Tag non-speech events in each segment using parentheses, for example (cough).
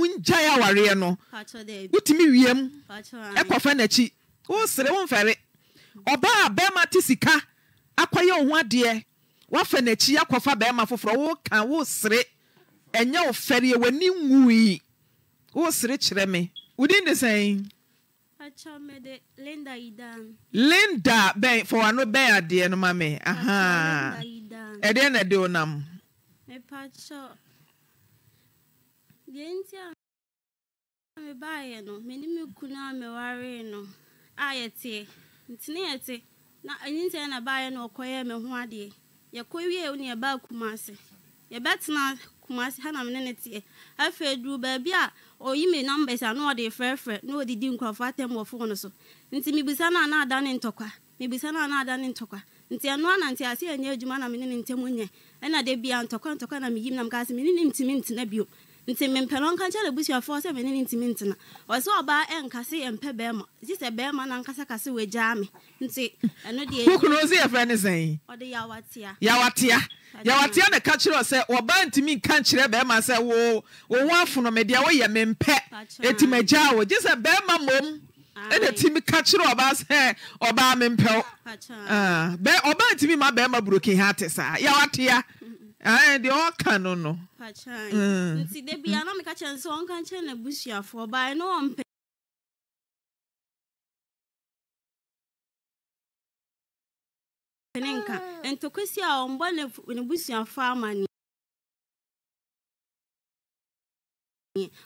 wongyae awareɛ no wotumi wiem ɛkɔfa n'akyi wosere womfɛre ɔbaa bɛrima te sika akɔyɛ wo ho adeɛ woafa n'akyi akɔfa bɛrima foforɔ woka wosere ɛnyɛ wo fɛreɛ w'ani nwui wosere kyerɛ me wodin de sɛn linda bɛn fɔ wano bɛn adeɛ no ma me ahaa ɛdeɛ na ɛde wo nam deɛ nti a mebaeɛ no m'ani me kunu a mewaree no a yɛteɛ nti ne yɛte na ɛne nti na baeɛ no ɔkɔyɛ me ho adeɛ yɛkɔ wie ne yɛbaa kumase yɛbɛtena kumase ha na me ne ne teɛ afei duru baabi a ɔyi me numbers a na ɔde frɛfrɛ na ɔdidi nkurɔfoɔ atɛm wɔ fone so nti mebisa no a na ada ne ntɔkwa mebisa no a na ada ne ntɔkwa nti ɛno a nante ase ɛnyɛ adwuma na me ne ne ntɛm nyɛ ɛna da bia ntɔkwa ntɔkwa na meyim na mkaa sɛ mene ne ntimi ntena bio nti mempɛ no ɔnka nkyɛn abusuafoɔ sɛ mene ne ntimi ntena ɔsɛ ɔbaa ɛnkase ɛmpɛ bɛrima gye sɛ bɛrima no ankasakase wɔagyaa me nti ɛno deɛ wokunu sɛ yɛfrɛ ne sɛn ɔde yawatea yawatea yawatea na ka kyerɛ sɛ ɔbaa ntimi nka nkyerɛ bɛrima sɛ wo wo ho afono deɛ woyɛ mempɛ ɛtim agyaa wo gye sɛ bɛrima mmom ɛna timi ka kyerɛ ɔbaa sɛ ɔbaa mempɛw ah, ɔbaa ntimi ma bɛrima brokin ha te saa yawatea ayi deɛ ɔka no no. Mm. nti debi anam ka kyɛn sɛ ɔnka kyɛn na busuafoɔ baa ɛna wɔn mpɛ. ne nka ah. ntokosi a ɔmbɔ ne busuafoɔ ama ne.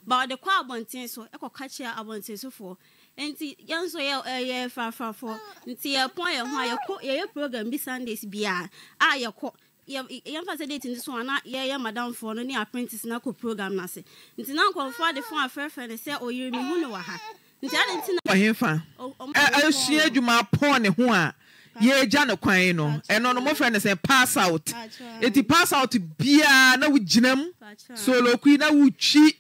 ba ɔde kɔ abɔnten so ɛkɔka kyerɛ abɔnten sofoɔ nti yɛn nso yɛ ɛyɛ fafafo ah. nti yɛ pɔn yɛn ho a yɛkɔ yɛyɛ program bi sundays biara a yɛkɔ yɛmfa sɛ date nti so a na yɛyɛ madamfoɔ no ne apprentice no akɔ program no ase nti na nkɔmfoɔ ade fon afrɛfrɛ no sɛ ɔyere me hu no wɔ ha nti ade nti na ɔhefa asua adwuma pɔn ne ho a yɛagya ne kwan no ɛno no mofrɛ no sɛ pass out ɛnti pass out biaa na wogyinam solokui na wotwi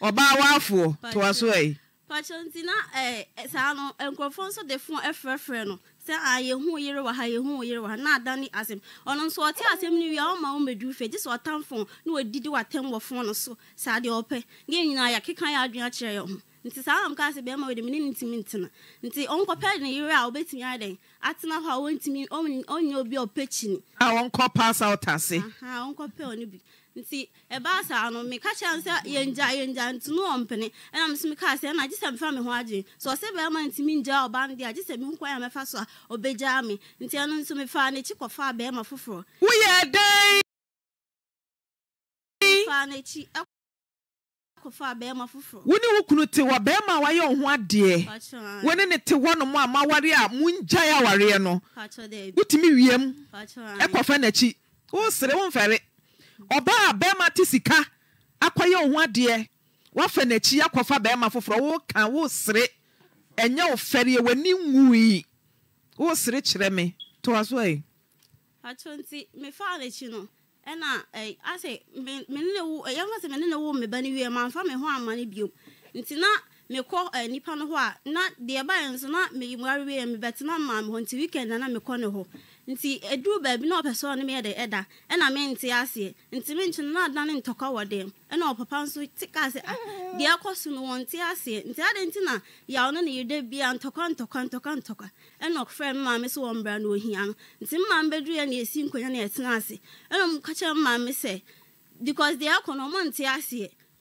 ɔbaa waafoɔ toa so ai pakyɛ nti na eh, eh, saa no nkurɔfoɔ nso de fon ɛfrɛfrɛ no sɛ ayɛhu ah, yere wɔ ha yɛhu yere wɔ ha na ada ne asɛm ɔno nso ɔte asɛm no wie a ɔma wo mmɛduru fɛ gye sɛ ɔtamfo na ɔdidi watɛm wɔ fo no so saa deɛ ɔpɛ ne nyinaa yɛakeka yɛ adwene akyerɛ yɛ ho nti saa sɛ wɔde mene ntimi ntena nti ɔnkɔpɛ ne yere a ɔbɛtumi adɛn atena hɔ a ɔnyɛ obi ɔpɛ ɔnkɔpɛ ɔno bi nti ɛbaa saa no meka sɛ yɛngya yɛngya nti no wɔ mpene ɛna sɛ ɛna gye sɛ mfa me ho a mɛfa so a ɔbɛgyaa me nti ɛno nso mefaa n'akyi kɔfaa bɛrima foforɔ woyɛ dɛn faa wo kunu te bɛrima a wayɛ wo ho adeɛ wo ne te hɔ a maware a mongyae awareɛ no wotumi wiem n'akyi ɔbaa a bɛrima te sika akɔyɛ wo ho adeɛ woafa n'akyi akɔfa bɛrima foforɔ woka wosere ɛnyɛ wo ni w'ani nwui wosere kyerɛ me toa so ɛ atụ nti mefaa n'akyi no ɛna asɛ yɛmfa sɛ mene ne wo meba no wie mamfa me ho amma no biom nti na mekɔ nnipa no hɔ a na deɛ baɛ nso na meyimuarewie mebɛtena maa me hɔ nti weekend na na mekɔ ne hɔ nti eduru baabi na ɔpɛ sɛ ɔne meyɛ de ɛda ɛna mente aseɛ nti me nkyene na adane ntɔkwa wɔ dɛm ɛna ɔpapa nso te kaa sɛ ah, deɛ ɛkɔ so no wɔnte aseɛ nti ade nti na yaw no ne yereda bia ntɔkwa ntɔkwa ntɔkwa ntɔkwa ɛna ɔfrɛ me maame sɛ wɔmbra no ɔhia no nti me maame bɛduruɛ ne ɛsi nkonnwa ne ɛtena ase ɛna mka kyerɛ maame sɛ because deɛ ɛkɔ no ɔmɔnte aseɛ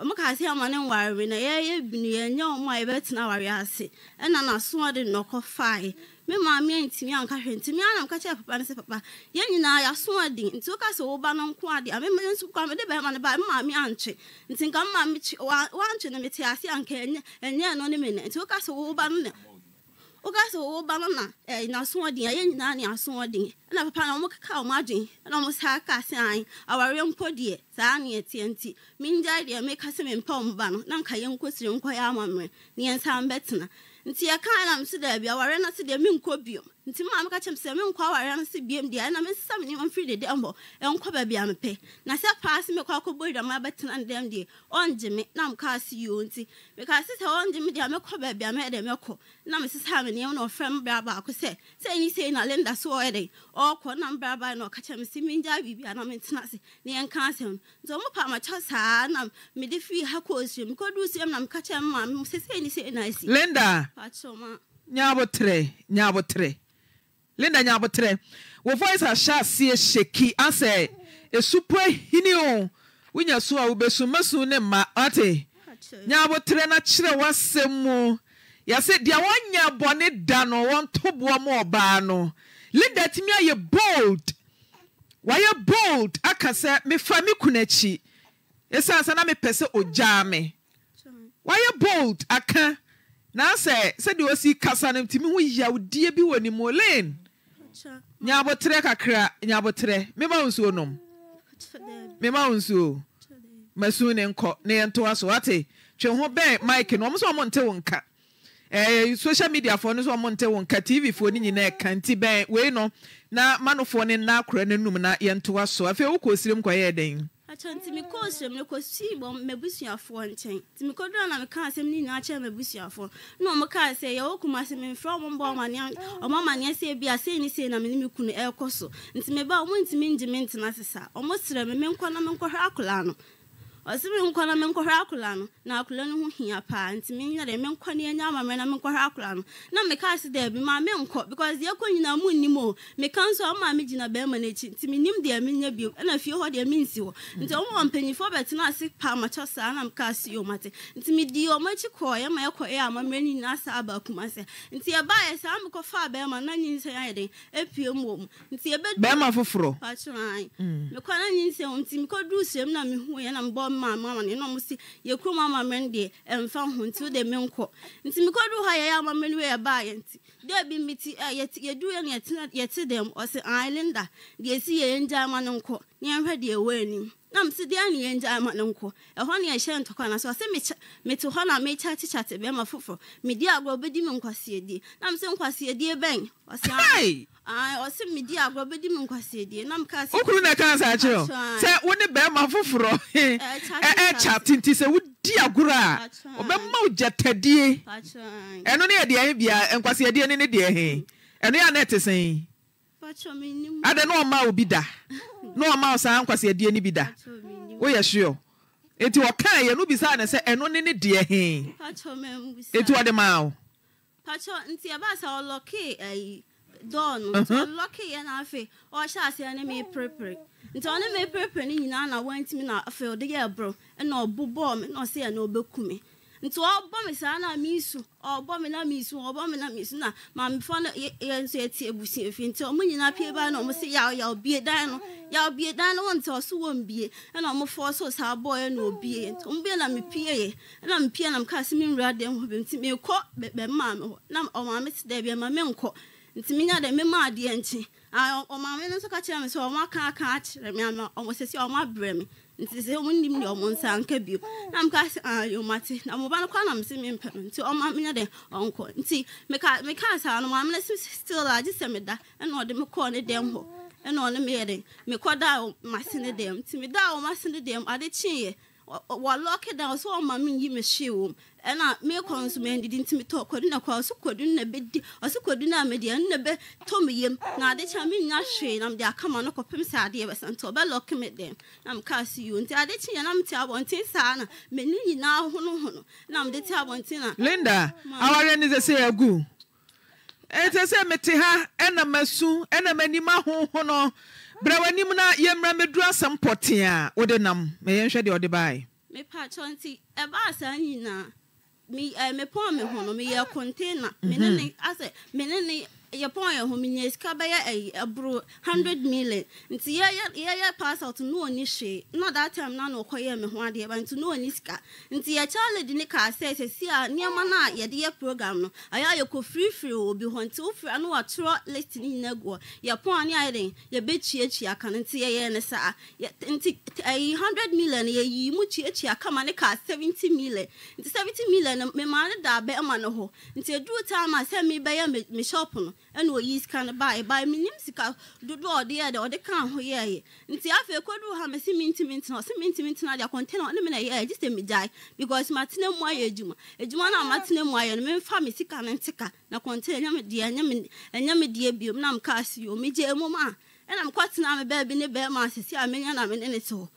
ɔmo ka ase ama nware mi na yɛyɛ bini yɛnyɛ ɔmo a yɛbɛtena aware ase ɛna n'asoɔ nnɔkɔ fae me maame ntumi anka hwɛ ntumi anam ka kyerɛ papa ne sɛ papa yɛn nyinaa yɛaso adi nti woka sɛ woba no nko ade a meme nso kwa mede bɛrima no ba me maame ankye nti nka mma me kye wankye no mete ase anka ɛnyɛ ɛnyɛ no ne me nɛ nti woka sɛ woba no ne woka sɛ wo ba no na eh, nasoɔden ɛyɛ nyinaa ne asoɔden ɛna papa na ɔmokeka ɔmo adwen ɛna ɔmo saa ka se an awareɛ mpo deɛ saa ne ɛteɛ nti mengyae deɛ meka sɛ mempa ɔmo ba no na nka yɛnkɔsire nkɔyɛ amammerɛ ne yɛnsa mbɛtena nti yɛkaa nam so daabi awareɛ no se deɛ menkɔ biom nti maa meka kyɛm sɛ menkɔ awareɛ no se biam deɛ na mesesa me nneɛma mfiri dedɛm hɔ ɛnkɔ baabi a mepɛ na sɛ paa se mekɔ akɔbɔ adwama bɛtena ne dɛm deɛ ɔngye me na mekaa se yoo nti mekaa se sɛ ɔngye me deɛ mekɔ baabi a mɛyɛ dɛ mɛkɔ na mesesa me nneɛma na ɔfrɛ me baako sɛ sɛ ɛni sei na lenda so ɔyɛ dɛ ɔkɔ na mbra baa na ɔka kyɛ me se biribi a na mentena ase na yɛnka asɛm nti ɔmo paa makyɛ saa na mede fii ha kɔɔ suam mekɔduu suam na meka kyɛ me ma me sɛ sɛ ɛni sei na asi lenda nyabotrɛ nyabotrɛ linda nyabotrɛ wo voice ahyɛ aseɛ hyɛki asɛ esupo hini o wonya su a wobɛsu mɛsu ne mma ate nyabotrɛ no kyerɛ w'asɛm mu yɛsɛ deɛ wɔnya bɔne da no wɔntoboɔ ma ɔbaa no linda tumi ayɛ bold wayɛ bold aka sɛ mefa me kunu akyi ɛsiane sɛ na mepɛ sɛ ogyaa me wayɛ bold aka na sɛ sɛdeɛ osi kasa no ntumi ho yawdie bi wɔ ne mu lane nya abotire kakra nya abotire mema wo nsuo nom mema nsuo masu ne nkɔ ne yɛntoa so ate twe ho bɛn mike no ɔmo sɛ ɔmo nte wo nka ɛɛ social media foɔ no sɛ ɔmo nte wo nka tv foɔ no nyinaa ɛka nti bɛn wei no na manofoɔ ne nna akora no num na yɛntoa so afei wokɔ osirim kɔyɛɛ dɛn akyɛ nti mekɔɔ serɛm no kɔsii bɔ m'abusuafoɔ nkyɛn nti mekɔdura na meka asɛm no nyinaa kyerɛ m'abusuafoɔ na ɔmo kaa sɛ yɛwɔ kuma sɛ memfrɛ ɔmo mba amanneɛ sɛ bi a sei ne sei na mene me kunu ɛrekɔ so nti ɔmo ngye me ntena sesa ɔmo me menkɔ na menkɔhwɛ no ɔsi mi nkɔ na mi nkɔhwɛ akwadaa no na akwadaa no ho hia paa nti mi nyɛ dɛ mi nkɔ ne anya amammerɛ na mi nkɔhwɛ akwadaa no na mi kaa si dɛ bi maa mi nkɔ because deɛ kɔ nyinaa mu nnim o mi ka nso a maa mi gyina bɛrima n'akyi nti mi nim deɛ mi nya bi ɛna fie hɔ deɛ mi nsi hɔ nti wɔn wɔ mpanyinfoɔ bɛtena ase paa ma kyɛ saa na mi kaa si yom ate nti mi di wɔn akyi kɔɔ yɛ ma ɛkɔ yɛ amammerɛ ne nyinaa saa aba akuma sɛ nti ɛba yɛ saa mi kɔ faa bɛrima na nyinsɛn ayɛ den epie mu wɔ mu nti ebedu bɛrima foforɔ patro ayi mi mm. kɔ na nyinsɛn nti mi kɔ duru sɛm na mi hu yɛ na mi bɔ ma mama ne na ɔmo si yɛ kurom amammerɛ no deɛ ɛmfa ho nti wode menkɔ nti mekɔdu hɔ yɛyɛ amammerɛ no wei ɛbaayɛ nti dɛ bi meti yɛdu yɛ no yɛte dɛm ɔse ailinda deɛ ɛsi yɛ yɛngyaama no nkɔ ne yɛnhwɛ deɛ ɛwɔ anim na m si di anyị e ya ndị ama na nkwụ ɛhɔ na yɛhyɛ ntɔkwa na so ɔsɛ mete hɔ na mekyate kyate bɛrima foforɔ medi agorɔ bɛdi me nkwasiedie na m sɛ nkwasiedie bɛn ɔsɛ ɔsɛ medi agorɔ bɛdi me nkwasiedie na mkaa sɛ wokuru na ɛkaa saa kyerɛ sɛ wo ne bɛrima foforɔ ɛkyate nti sɛ wodi agorɔ a ɔbɛma wo gyatadie ɛno ne yɛdeɛ bia e nkwasiedie ne ne deɛ e he ɛno mm. yɛ a na ɛte adɛ na ɔma obi da na ɔma saa nkwaseɛdeɛ no bi da woyɛ sure nti ɔkaa yɛ no bisaa ne sɛ ɛno ne ne deɛ hee nti ɔde maa wo pacho nti ɛbaa sɛ ɔlɔkee ayi dɔɔ no nti ɔlɔkee yɛ na afei ɔhyɛ aseɛ ne me perepere nti ɔne me perepere no nyinaa na wɔntimi na afei ɔde yɛ borɔ ɛna ɔbo bɔɔ me na ɔsɛ yɛ na ɔbɛku me nti ɔbɔ me saa na misu ɔbɔ me na misu ɔbɔ me na misu na maamefo no yɛ nso yɛte abusua fi nti ɔmo nyinaa pie baa na ɔmo se yaw yaw bie dan no yaw bie dan no wɔnte ɔso wɔn bie ɛna ɔmo fɔ so saa bɔɔyɛ na obie nti ɔmo bie na me pie yɛ ɛna me pie na me kaa se me nwura dan ho bi nti me kɔ bɛbɛ maame hɔ na ɔmaame te dɛ ɛma me nkɔ nti me nya dɛ me ma adeɛ nkye ɔmaame no nso ka kyerɛ me sɛ ɔmo aka aka akyerɛ me ama ɔmo sɛ sɛ ɔmo abrɛ me nti sɛ ɔmo nim deɛ ɔmo nsa anka bio na meka sɛ aa ah, na ɔmo no kora na mese mempɛ no nti ɔma menyɛ dɛ ɔnkɔ nti meka saa ah, no maamena sɛ still a gye sɛ meda ɛna ɔde me ne dɛm hɔ ɛna ɔne meyɛ dɛ mekɔdaa mase ne dɛm nti medaa ɔmase ne dɛm ade kyeeɛ wɔlɔke down sɛ ɔma menyi me wɔ mu ɛna mekɔ nso mandidi nti metɔ kwadu kɔ ɔso kwadu na bɛdi ɔso kwadu na mede ɛno na bɛtɔ me yam na ade kyɛ menya hwee na mede akama no kɔpem sɛ adeɛ bɛsa nti ɔbɛlɔke me dɛm na mekaa so yo nti ade kyeɛ na mete abɔnten saa na m'ani nyinaa honohono na mede te abɔnten na linda awareɛ ne sɛ sɛ agu ɛsɛ sɛ mete ha ɛna masu ɛna m'anim ahohono brɛ w'anim na yɛmmra mɛduru asɛm pɔtee a wode nam meyɛnhwɛ deɛ ɔde bae mepatɔ nti ɛbaa saa nyinaa mepɔn eh, me ho no meyɛ container mene ne asɛ mene ne mm-hmm yɛpɔn yɛ ho menya sika bɛyɛ ɛyi eh, ɛboro eh, hundred million nti yɛyɛ yɛyɛ pass out no oni hwee na that time na na ɔkɔyɛ me ho adeɛ ba nti no oni sika nti yɛ kyaledi ne kaa sɛ sɛsi a nneɛma no yɛde yɛ program no ɛyɛ oh, a yɛkɔ firifiri wɔ obi hɔ nti wofiri ano wɔatwerɛ list ne nyina guɔ yɛpɔn ne ayɛ den yɛbɛkyiakyia ka no nti yɛyɛ ne saa nti ɛyi hundred million yɛyii mu kyiakyia kama ne kaa seventy million nti seventy million no memaa ne daa bɛɛma no hɔ nti ɛduru time a sɛ mebɛyɛ me shop no ɛna oyi sika no baa ɛbaa menim sika dodoɔ ɔde yɛ dɛ ɔde ka ho yɛɛyɛ nti afei kɔduru ha mɛsi mintimi ntena ɔsi mintimi ntena deɛ kɔntena ɔne me na yɛɛ gye sɛ megyae because matena mu ayɛ adwuma adwuma no a matena mu ayɛ no memfa me sika no nteka na kɔntena ɛnyɛ me deɛ ɛnyɛ me deɛ biom na mekaa se yo megye mu ma ɛna mekɔtena me baabi ne bɛɛma asesi a menya na mene ne te hɔ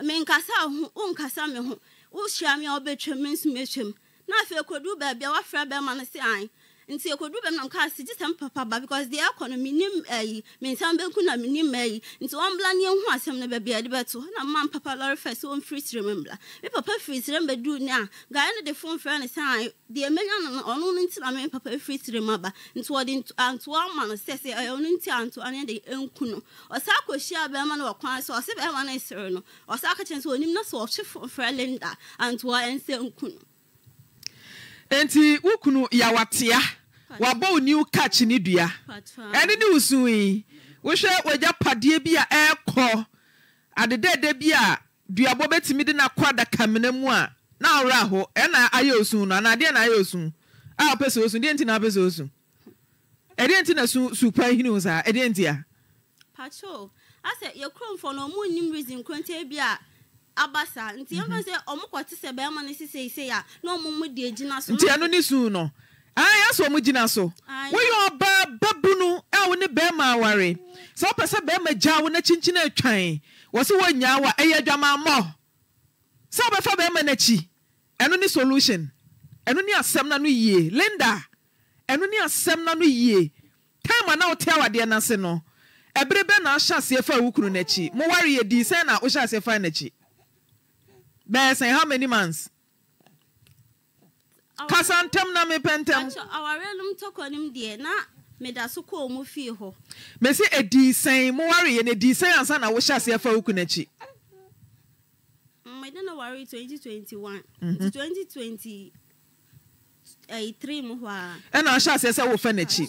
menkasa ho wonkasa me ho wohyia me a wobɛtwam me nso mɛtwam na afei kɔduru baabi a woafrɛ bɛɛma no sɛ an nti ekodu bɛm nam kaa si gye sɛm papa ba because deɛ akɔ no menim ayi eh, me nsɛm bɛnku na menim ayi eh, nti wɔmbla ne ɛhu asɛm no baabi ade bɛto na ma papa lɔre fɛ sɛ ɔmfiri serɛ mu mbla me papa firi serɛ mu bɛduu ne a gae no de fom frɛ ne sɛ deɛ mɛnya no ɔno no nti na me papa firi serɛ mu aba nti wɔde antoa ma no sɛ sɛ ɛyɛ ɔno nti antoa ne de ɛnku no ɔsaa kɔhyia bɛrima no wɔ so ɔse bɛrima no ɛsere no ɔsaa ka sɛ ɔnim na sɛ ɔhye frɛ linda antoa ɛnsɛ nku no nti wokunu yawatea wabɔ wo new catch ne dua ɛne ne wosu yi wohwɛ wagya padeɛ bi a ɛɛkɔ adedɛdɛ bi a duabɔ bɛtumi de no akɔ adakamena mu a na aworɛ hɔ ɛna ayɛ osu no na ayɛ osu a wopɛ sɛ osu deɛ nti na wopɛ sɛ osu ɛdeɛ nti na su su hini wo saa ɛdeɛ nti a pato asɛ yɛkuromfɔ no ɔmo nnim reason bi a Abasa, saa nti mhm. yɛn fɛ sɛ ɔmo kɔte sɛ bɛrima no si seisei a na ɔmo mo deɛ gyina so. nti ɛno ne suu no ayɛ sɛ ɔmo gyina so woyɛ ɔbaa bɛbunu a wo ne bɛrima aware sɛ wopɛ sɛ bɛrima gya wo n'akyinkyin atwan wɔ sɛ wɔnyaa wa ɛyɛ adwamammɔ sɛ wobɛfa bɛrima n'akyi ɛno ne solution ɛno ne asɛm na no yie linda ɛno ne asɛm na no yie time a na wote awadeɛ no ase no ɛbere bɛ na ahyɛ aseɛ fa wo kunu n'akyi moware yɛ dii sɛn na wohyɛ aseɛ fa n'akyi bɛɛ how many months. kasa ntɛm na mepɛ ntɛm. awareɛnum tɔkɔnim deɛ na meda so kɔɔ mu fie hɔ. mesi edi sɛn mu wareyɛ na edi sɛn ansa na wohyɛ aseɛ fa okun akyi. mmɛdɛ na wari twenty twenty one. Mhm. twenty twenty. Eh, ɛna ɔhyɛ aseɛ sɛ wofɛ n'akyi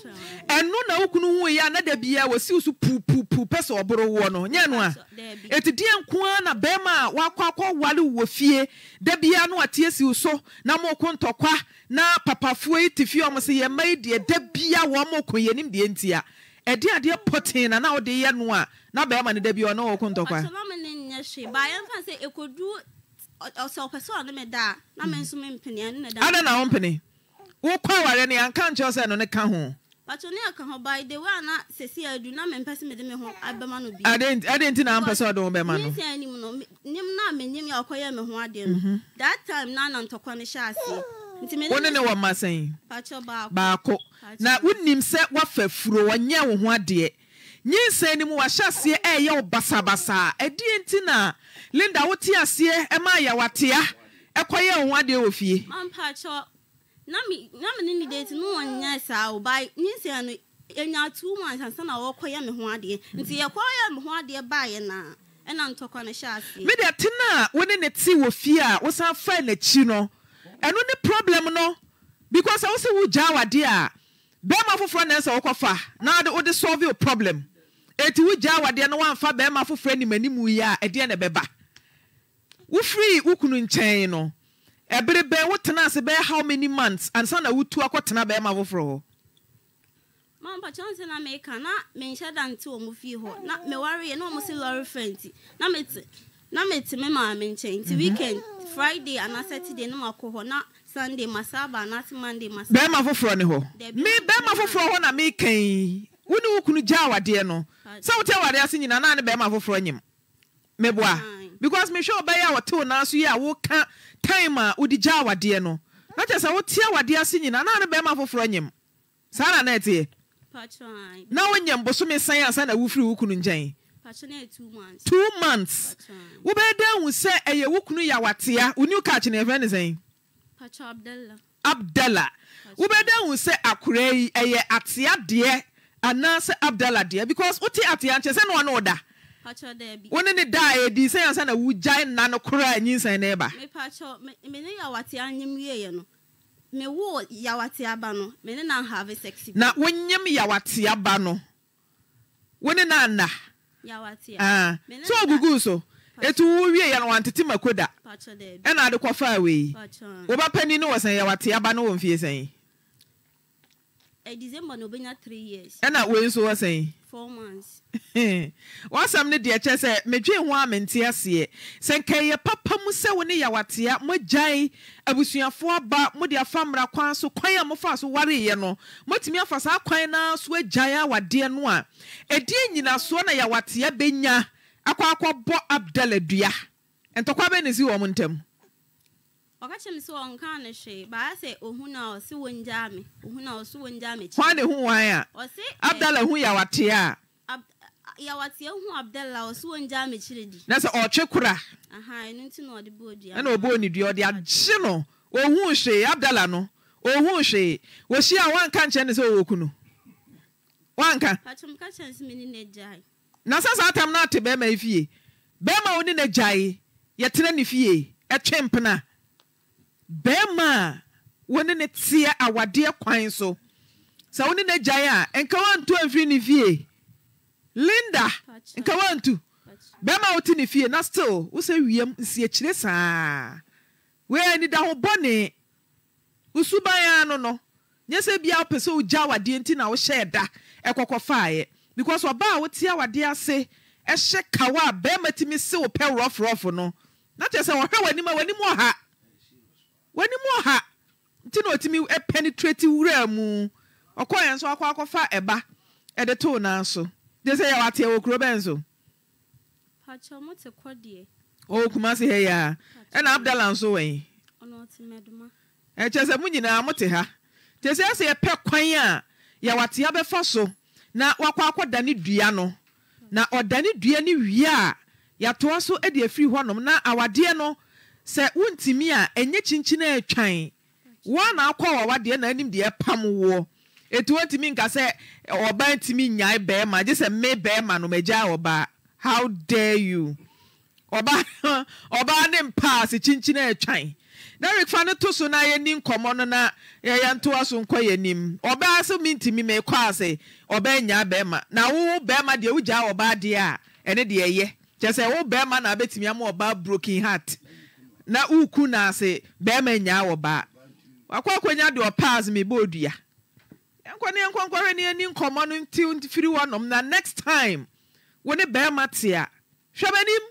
ɛno na wokunu wu yɛ a na da biaa wɔsiw so puupuupuu pɛ sɛ ɔboro woɔ no nyɛ no a ɛti deɛ nko ara na bɛrima a wakɔ akɔware wɔ fie da biaa na wateɛ siw so na moko ntɔkwa na papafoɔ yi te fie ɔmo sɛ yɛma yi deɛ da biaa wɔ moko yɛnim deɛ nti a ɛde adeɛ pɔtee na na wode yɛ no a na bɛrima no da biaa ɔne wɔko ntɔkwa ọsẹ ọpẹ sọ ọdún mi da na mi hmm. nso mi mpini ẹni na da. ada na ọ mpini wọkọ awari ni yanka nkyɛn sɛ ɛno ne ka ho. pàtó ní ẹ̀ka hàn báyìí de wíwá náà sèse ẹ̀dùn náà mi mpẹ́sí mi de mi ho abẹ́má no bi. adé ntí na mpẹ́ sọ ọdún bẹ́ẹ̀ ma no. mi sẹ́ ẹni mu no nim náà mi nim yà ọkọ yẹ mi ho adé no mhm. that time náà nà ntọ́kọ ni hyẹ́ ase. wọ́n ní ne wọ́n ma sẹ́yìn. pàtó baako. baako na wọ́n nim sẹ́ wọ́n fẹ́ furo wọ́n nyẹ́ wọ́n ho adé nyinsa no mu wahyɛ aseɛ ɛyɛ wo basabasaa ɛdeɛ nti na linda wote aseɛ ma ayɛwatea ɛkɔyɛ wo ho adeɛ wɔ fie na me ne ne date no nye saa wo ba nyinsa no ɛnya two months ya na wɔkɔyɛ me ho nti yɛkɔyɛ me ho te no a wo ne te wɔ fie a wosan n'akyi no ɛno ne problem no because a wo sɛ wogyaa wadeɛ a bɛrima foforɔ na ɛsɛ wokɔfa na wode solve problem eti wogya awadeɛ no wamfa bɛrima foforɔ anim anim yi a ɛdeɛ na ɛbɛba wofiri wo nkyɛn no ɛbere bɛn wotena ase bɛyɛ how many months ansa na wotu akɔtena bɛrima foforɔ hɔ mampakyɛw nsɛ na meka na menhyɛ da nte wɔ mu fie hɔ na mewareɛ na ɔmo se lɔre fa nti na mete na mete me maame nkyɛn nti mhm. weekend friday ana saturday na makɔ hɔ na sunday masaba anase monday masaba bɛrima foforɔ ne hɔ me bɛrima foforɔ hɔ na meka yi wo ne gya awadeɛ no sɛ wote awadeɛ ase nyina na ne bɛrima foforɔ nyim meboa because mehwɛ ɔbɛyɛ a wɔtewo naa so yɛ a woka time a wode gya awadeɛ no na kyɛ sɛ wote awadeɛ ase nyina na ne bɛrima foforɔ nyim saa na na na wonyam bosome sɛn ansa na wofiri wo kunu nkyɛn two months wobɛyɛ dɛn hu sɛ ɛyɛ wo kunu yɛ awatea wo new catch ne sɛn abdala wobɛyɛ dɛn hu sɛ akora yi ɛyɛ atea deɛ anaasɛ abdala deɛ because wote ateɛ nkyɛ sɛ ne ɔne ɔda wo ne ne da a ɛdi sɛ yɛn sɛ na wogyae nna no koro a nyinsɛn ne ba mene yawate anyem wieɛ no mewoo yawate aba no mene na nhave sex na wonyem yawate aba no wo ne na nna sɛ ɔgugu so ɛti wo wie yɛ no wantete mako da ɛna ade kɔfaa wei wobɛpani no wɔ sɛn yɛwate aba no wɔ mfie sɛn Eh, december na obenya three years. ɛna wei nso wɔ sɛn. four months. (laughs) wasam ne deɛ kyɛ sɛ medwe ho a mente aseɛ sɛ nkɛyɛ papa mu sɛ wo ne yawatea mogyae abusuafoɔ aba mode afa mmara kwan so kwan a mofa so wareyɛ no moatumi afa saa kwan no so agyae awadeɛ no a ɛdeɛ nyinasoɔ na yawatea bɛnya akɔ akɔbɔ abdala dua ntɔkwa bɛ si wɔ m ntam ɔka kyerɛ me sɛ ɔnka no hwee baa sɛ ɔhu na ɔse wɔngyaa me ɔhu na ɔso wɔngyaa me kwan ne ho wan a abdala hu yɛwateɛ a yɛwateɛ hu abdala ɔso wɔngyaa me kyerɛ di na sɛ ɔtwe kora ɛno nti na ɔde bɔɔ dua ɛna ɔbɔɔ ne dua ɔde agye no ɔhu hwee abdala no ɔhu hwee wɔhyia a wanka nkyɛn ne sɛ ɔwɔ ku no wanka na sɛ saa tam no ate bɛrima yi fie bɛrima wo ne no gyae yɛtena ne fie ɛtwe mpena bɛrima a wɔne ne teɛ awadeɛ kwan so sɛ wone ne gyae a nka wantu amfiri ne fie linda nka wantu bɛrima a wote ne fie na still wosɛ wiem nsiekyire saa wei anida ho bɔne wosuban a no no nyɛ sɛ bia wopɛ sɛ wogya awadeɛ nti na wohyɛɛ da ɛkɔkɔ because ɔbaa a wote awadeɛ ase ɛhyɛ kawa a bɛrima tumi se wo pɛ rɔforɔfo no na kyerɛ sɛ wɔhwɛ w'anim a w'anim ɔha w'anim ɔha nti na ɔtumi penetrate wura mu ɔkɔɔ yɛn so akɔ akɔfa ɛba ɛde too na so de sɛ yɛ wate wɔ kuro bɛn so ɔwɔ kuma se hɛ yɛa ɛna abdala nso wɔn ɛkyɛ sɛ mo nyinaa mote ha nti sɛ ɛsɛ yɛpɛ kwan a yɛwatea bɛfa so na wakɔ akɔdane dua no na ɔdane dua ni wia a yɛatoa so efiri afiri nom na awadeɛ no sɛ wontumi a ɛnyɛ kyinkyini atwan woa na akɔ wawa deɛ na anim deɛ pam woɔ ɛti wontumi nka sɛ ɔbaa ntumi nyae bɛrima gye sɛ me bɛrima no magyaa ɔbaa how dare you (laughs) ɔbaa ne mpaa sɛ kyinkyini atwan derek fa no to so no yɛni nkɔmmɔ no na yɛyɛ ntoa so nkɔ yɛnim ɔbaa sɛ mentumi mekɔ ase ɔbaa nyaa bɛrima na wo bɛrima deɛ wogyaa ɔbaa deɛ a ɛne deɛ ɛyɛ kyɛ sɛ wo bɛrima na abɛtumi ama ɔbaa broken heart na uku na ase bɛrima nyaa wɔ baa wakɔ akɔnya deɛ ɔpaas me bɔ odua nkɔ ne nkɔnkɔhwɛ ne ani nkɔmmɔ no nti firi hɔnom na next time wone ne bɛrima te a hwɛ b'anim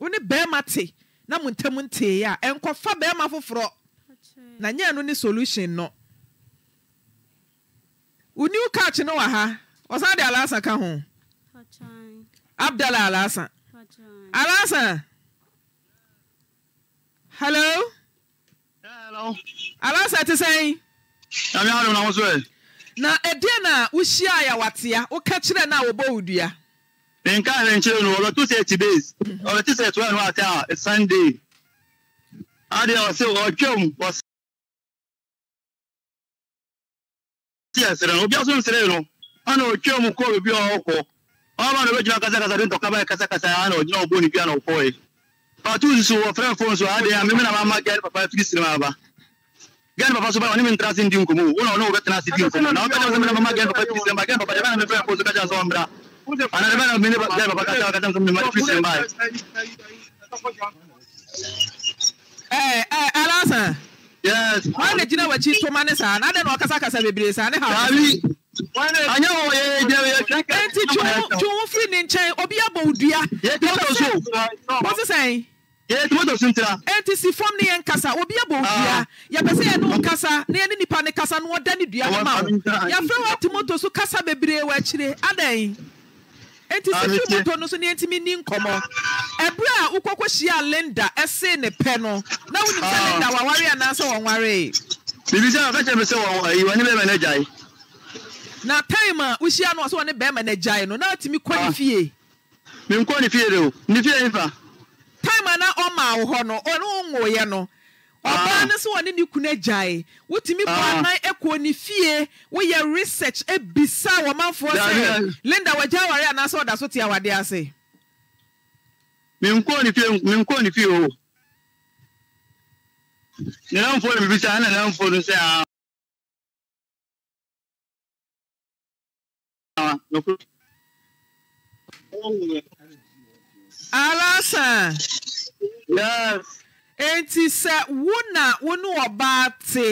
wo ne bɛrima te na mo ntam ntee a ɛnkɔfa bɛrima foforɔ na nyɛ no ne solution no wo new catch no wɔ ha ɔsan de alasa ka ho abdala alasa alasa hello. hello. alansa ti sẹ́yìn. yàmi àdùn náà wọ́n sọ ẹ̀. na ẹ̀díẹ̀ na wúṣí àyàwàtìyà ó kẹ́kyerẹ́ náà wò bó wù dùá. nǹkan ẹ̀rẹ̀ nkyẹn nù ọ̀rọ̀ two thirty days ọ̀rọ̀ two thirty one wà tẹ́ sunday adé ọ̀sẹ̀ ọ̀twẹ́m ọ̀sẹ̀. ti ẹsẹrẹ obi aso nsẹrẹ no ọna otwa mu obi ọkọ ọba na obi gyina kasakasa de ntọkaba yẹ kasakasa ya na ọgyina ọbọ ne bi a na ọkọ ɔtu nsu wɔ fɛn fɔ nsu adi yan mímina maa ma gɛri papa firi sinima ba gɛri papa so ba wa ni mi n tira si di o na o n'o bɛ tira si di nkomo na o ka ca sɛ mímina maa ma gɛri papa firi sinima gɛri papa de bɛ na mi fɛn ka ca sɔn mira ana de bɛ na mi papa ka ca ka ca sɔn mira firi sinima ye. ɛɛ ɛɛ alasan. yes. wọn de jinɛ wɔ ci toma ne sa n'a de na ɔkasa kasa bebree sa ne ha. tabi anya wɔ yɛ jɛ yɛ kɛkɛ. nti tuwo tuwo firi ne nkyɛn obi abɔ odua. so. wɔsi sɛn yɛyɛ tomato so ntira. eti si fam ne yɛn nkasa obi abɔ odua ah. yɛpɛ sɛ yɛn no nkasa ne yɛn nipa ne kasa no ɔda ne dua ne ma o yɛfrɛ wɔ tomato so kasa bebree wɔ akyire adan eti si tomato no so ne yɛn mi ni nkɔmɔ ɛbrɛ a wokɔkɔ hyia linda ɛse ne pɛ no na wunim sɛ ah. linda wawari anaasɛ wɔnware. bibi sɛ ɔbɛ kyerɛ mi sɛ wɔn ayi na time a wohyia no ɔsɛ wɔn ne bɛrɛ ne gyae no na ɔtumi kɔ ne ah. fie. mi nkɔ ne fie de ne fie nifa a na ɔma wo hɔ no ɔne ɔnwoeɛ no ɔbaa no sɛ wɔne ne kuna gyae wotumi bɔ ah. anan ɛkɔ ne fie woyɛ research ebisa wɔmanfoɔ sɛ linda wɔgya aware anaasɛ ɔda so te awade ase menkɔɔ ne fie menkɔɔ ne fie o ne namfoɔ no bibisa ana namfoɔ no sɛ ah. Ah, Alasan yes. eti sɛ wo na wo ne ɔbaa te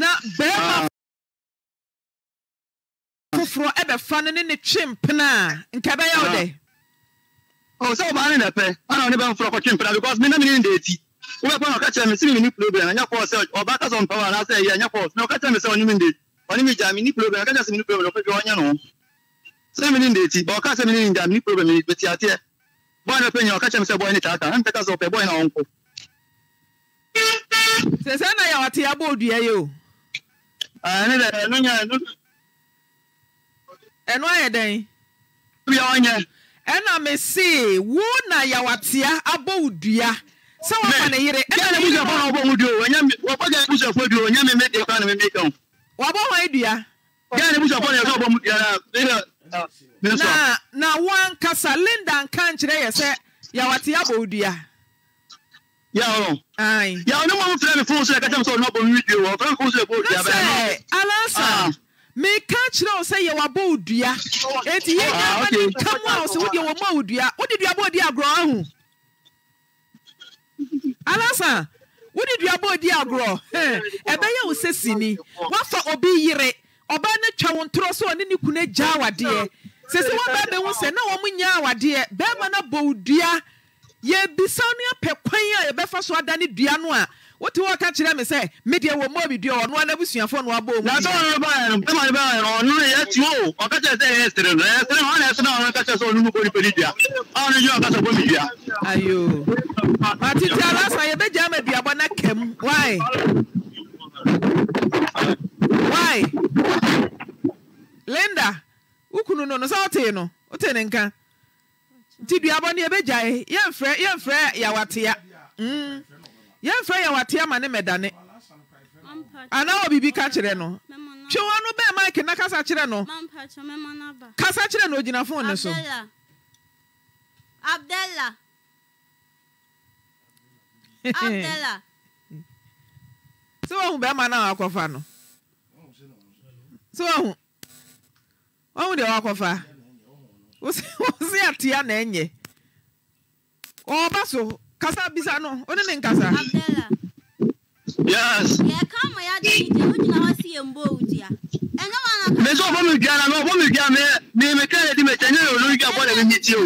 na bɛrima ah. foforɔ ɛbɛfa no ne ne twe mpena a nka bɛyɛ wo dɛ ɔ ah. oh, sɛ ɔbaa ne na pɛ ana ɔne bɛmfoforɔ kɔtwe mpena because mi na mene ne da ati wobɛpɛ na ɔka kyerɛ me sɛ memeni problem ɛnyɛ kɔɔ sɛ ɔbaa ka sɛ ɔmpɛ wɔ anaasɛ ɛyɛ ɛnyɛ kɔɔ na ɔka kyerɛ me sɛ ɔne me de ɔne me gya meni problem ɔka kyerɛ mi ni problem ɔpɛ bi ɔnyɛ no ho sɛ mene ne da ati ɔka sɛ mene ne gya meni problem meti ateɛ boy no penye ọkacha m sị boy n'ịcha aka pe boy na ọnkwụ sese na ya wate ya bọọdụ ya ah, ya o. ẹnu dẹ ẹnu nyẹ ẹnu. ẹnu ayẹ dẹn. ya ọnyẹ. ẹna mi si wu na ya wate ya abọ udua sẹ wọn fa ne yere. yẹ ne busafo na ọbọ wudu o onye mi ọbọ jẹ busafo du o onye mi mi di kwan mi mi kan. wabọ wọn dua. yẹ ne busafo na yẹ sọ ọbọ mu yàrá na na kasa linda nka nkyerɛ yɛ sɛ yɛwate abɔ odua yawo yawo ne mɔmu filɛ mi fún sɛ kɛtɛ mi sɛ ɔnabɔ mi di wɔ fɛn fún sɛ bɔ odua bɛ yɛ. alansa meka kyerɛ wo sɛ yɛwɔ abɔ odua eti yɛ ah, nyɛ ama ne nka mu a ɔsɛ wodeɛ wɔ mɔ odua wode dua bɔ odi agorɔ ahu alansa wode dua bɔ odi agorɔ ɛbɛyɛ wo sɛ sini wafa obi yere ɔbaa no twa wɔn toro so ɔne ne kunu gya awadeɛ sese wɔn bɛɛ bɛ hu sɛ na wɔn nya awadeɛ bɛrima no bɔ dua yɛbisa no apɛ kwan a yɛbɛfa so adane dua no a wotu wɔ ka kyerɛ mi sɛ media wɔ mɔ bi dua ɔno ana busuafo na wabɔ omu. n'asọ wọn bá yẹn bẹẹ maa bá yẹn ọnu yẹ ti o ọkà kyerɛ sɛ yɛ sere no yɛ no ɔna yɛ sere ɔna kà kyerɛ sɛ ɔnu mu kori peri dua ɔna yɛ ɔkà sɛ bomi dua. ayo matiti alasa yɛ bɛ gya ama duabɔ na kɛm waaye. no no sɛ wote no wote ne nka nti duabɔ no yɛbɛgyae yɛmfrɛ yɛmfrɛ yɛwatea mm. yɛmfrɛ yɛwatea ma ne mɛdane anaa wɔ biribi ka kyerɛ no twe wa no bɛɛ mike na kasa kyerɛ no kasa kyerɛ no ogyina fon ne so abdella abdella (laughs) sɛ wahu bɛrima no a wakɔfa no sɛ wahu ɔmo deɛ wakɔfa wosi atia na enye ɔba so kasa bisa no one ne nkasa. abdela. yes. yɛ kan na. mbese ɔfɔ mi dua na mi mi mi kɛlɛ di mɛ kyɛ nyɛ olu dua bɔ de mi mi ti o.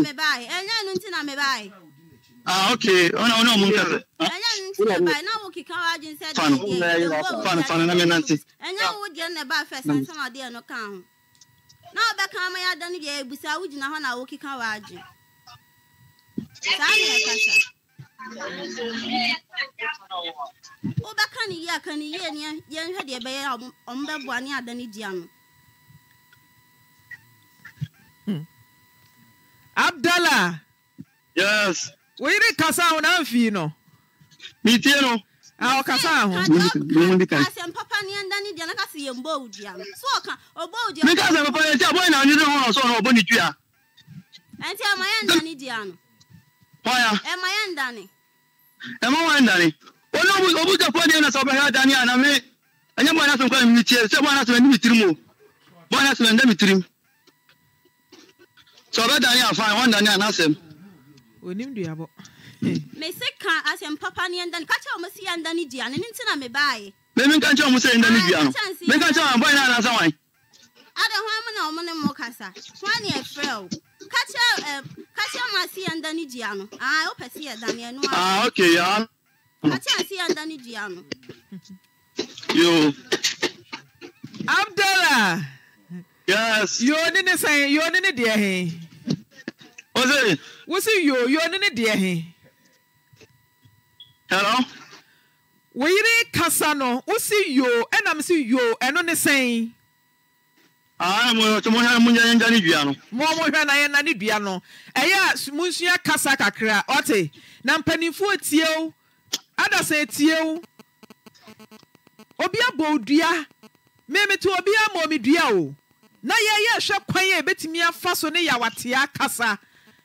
ah ok ɔna ɔna ɔmu nkɛfɛ. ɛnyɛ nu ti na mi nante. ɛnyɛ wo diɛ na ba fɛ sansan ɔdi yɛ no kan na ɔbɛka ama yɛ ada no deɛ ɛbusa wo gyina hɔ na wokeka waagye saa ne ɛkasa wobɛka ne yie aka ne yie ne yɛnhwɛ deɛ ɛbɛyɛ ɔmo bɛboa ne ada no dia no hmm. abdala yes woyere kasa wo na amfii no metie no a ɔkasa aho. kasɛm papa ni ɛnda ni deɛ n'aka si yɛ mbɔ ojia no so ɔka ɔbɔ ojia. mi kasɛm papa yɛ ti abɔ yina ɔnyi ne ho ɔsɔ ɔna ɔbɔ ne tuya. ɛnti ɛma yɛ nda ni deɛ ano. hɔya. ɛma yɛ nda ni. ɛma wɔn nda ni wɔn n'obu obu jɛ pɔn deɛ na sɛ ɔbɛhɛ da ni ana mi ɛnyɛ bɔn na sɛ nkɔla mi tiɛ sɛ bɔn na sɛ mi tirim o bɔn na sɛ mi tirim sɛ ɔbɛ da ni afa wɔn da ni anasɛm. onim duyabɔ. Me ka asɛmpapa ne yɛnda no ka kyerɛ wɔ mo sɛ yɛnda no dua no ne nti na mebaeɛ memi nka kyerɛ wɔ mo sɛ yɛnda no dua no menka kyerɛ wɔ bɔe no anasa wan ada hwan na ɔmo ne mo kasa hwan ne ɛfrɛ o ka kyerɛ eh, ka ase yɛnda no dua no aa wopɛ sɛ yɛda no ɛno okay ya ka kyerɛ ase yɛnda no dua no yo abdallah yes yo ne ne sɛn yo ne ne deɛ he wose wose yo yo ne ne deɛ he hello. Wiri kasa no wosi yoo ɛnam si yoo ɛno ne sɛn. aa ah, mo mo hwɛ mo nyɛ nyɛ ne dua mo mo hwɛ na yɛ na ne dua no ɛyɛ a mo kasa kakra ɔte na mpanimfoɔ tie o adasa tie o obi abɔ dua mmemmete obi amɔ mi dua o na yɛyɛ ɛhwɛ kwan yɛ ebetumi afa so ne yɛ awatea kasa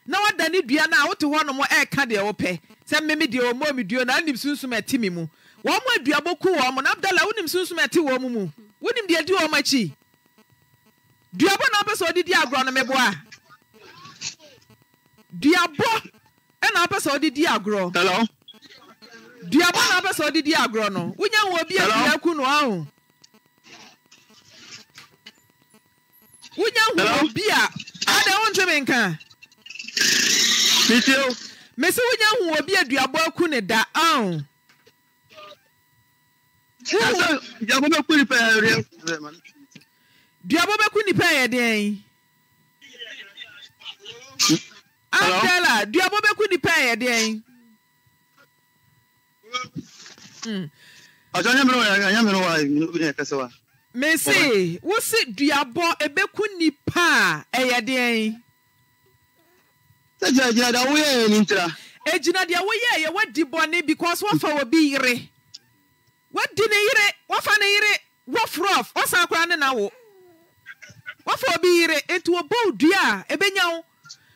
na wada ne dua no a wote hɔ nom ɛka deɛ wopɛ sɛ meme deɛ ɔmmɔ me duo na wonim sunsum ɛte me mu wɔn mu aduabɔ ku wɔn mu na abdala wonim sunsum ɛte wɔn mu mu wonim deɛ di wɔn akyi duabɔ na ɔpɛ sɛ ɔde di agorɔ no meboa duabɔ ɛna ɔpɛ sɛ ɔde di agorɔ duabɔ na ɔpɛ sɛ ɔde di agorɔ no wonya wɔn bi adua ku no ɔho wonya wɔn bi a ada wɔn ntwe mi nka. Mitio. Messi wonya hu obi aduabo aku ne da Diabo aw. Duabo bɛku nipa yɛ Duabo bɛku nipa yɛ den. Angela, duabo bɛku nipa yɛ den. Hmm. Ɔjɔ nyɛ mìíràn wà nyɛ mìíràn wà obi nyɛ kɛse wa. Messi, wosi duabo ebeku nipa ɛyɛ den sɛ gyinagyina deɛ woyɛ yɛ ni ntira ɛgyina deɛ woyɛ yɛ wadi bɔne because wafa wɔ bi yere wadi ne yere wafa ne yere wɔforof ɔsan koraa ne na wo wafa obi yere nti wɔbɔ dua a ɛbɛnya wo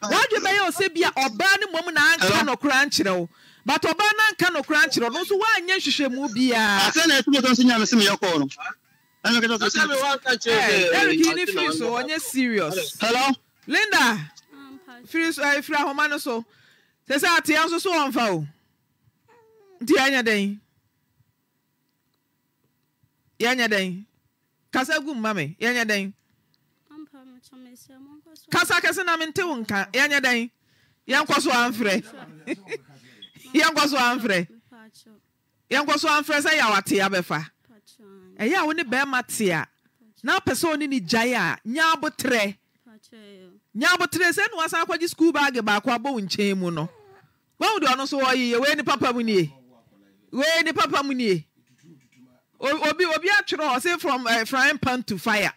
wadwe bɛyɛ ɔsɛ bi a ɔbaa ne mmom na anka nɔkora nkyerɛ wo but ɔbaa no anka nɔkora nkyerɛ no nso woanyɛ nhwehwɛmu biaa sɛ na ɛtumɛtɔ nso nya me sɛ meyɛkɔɔ no Eric, you need to so on your serious. Hello, Linda. Eh, firi ahoma no so sɛ sɛ ateɛ nso so wɔmfa o nti yɛanyɛ dɛn yɛanyɛ dɛn kasa gu mma me yɛanyɛ dɛn kasa kɛse na mente wo nka yɛanyɛ dɛn yɛnkɔ so amfrɛ (laughs) yɛnkɔ so amfrɛ yɛnkɔ so amfrɛ sɛ yɛaw atea bɛfa ɛyɛ a wo ne bɛrima te a na apɛ sɛ wo ne ne gyae a nya abotrɛ nyaabotire sɛ ne wasan akɔgye sukuu baage baako abɔ wo nkyɛn mu no wahu deɛ ɔno nso wɔyiyɛ wei ne papa mu nie wei ne papa mu nie obi obi atwerɛ hɔ se from uh, eh, frying pan to fire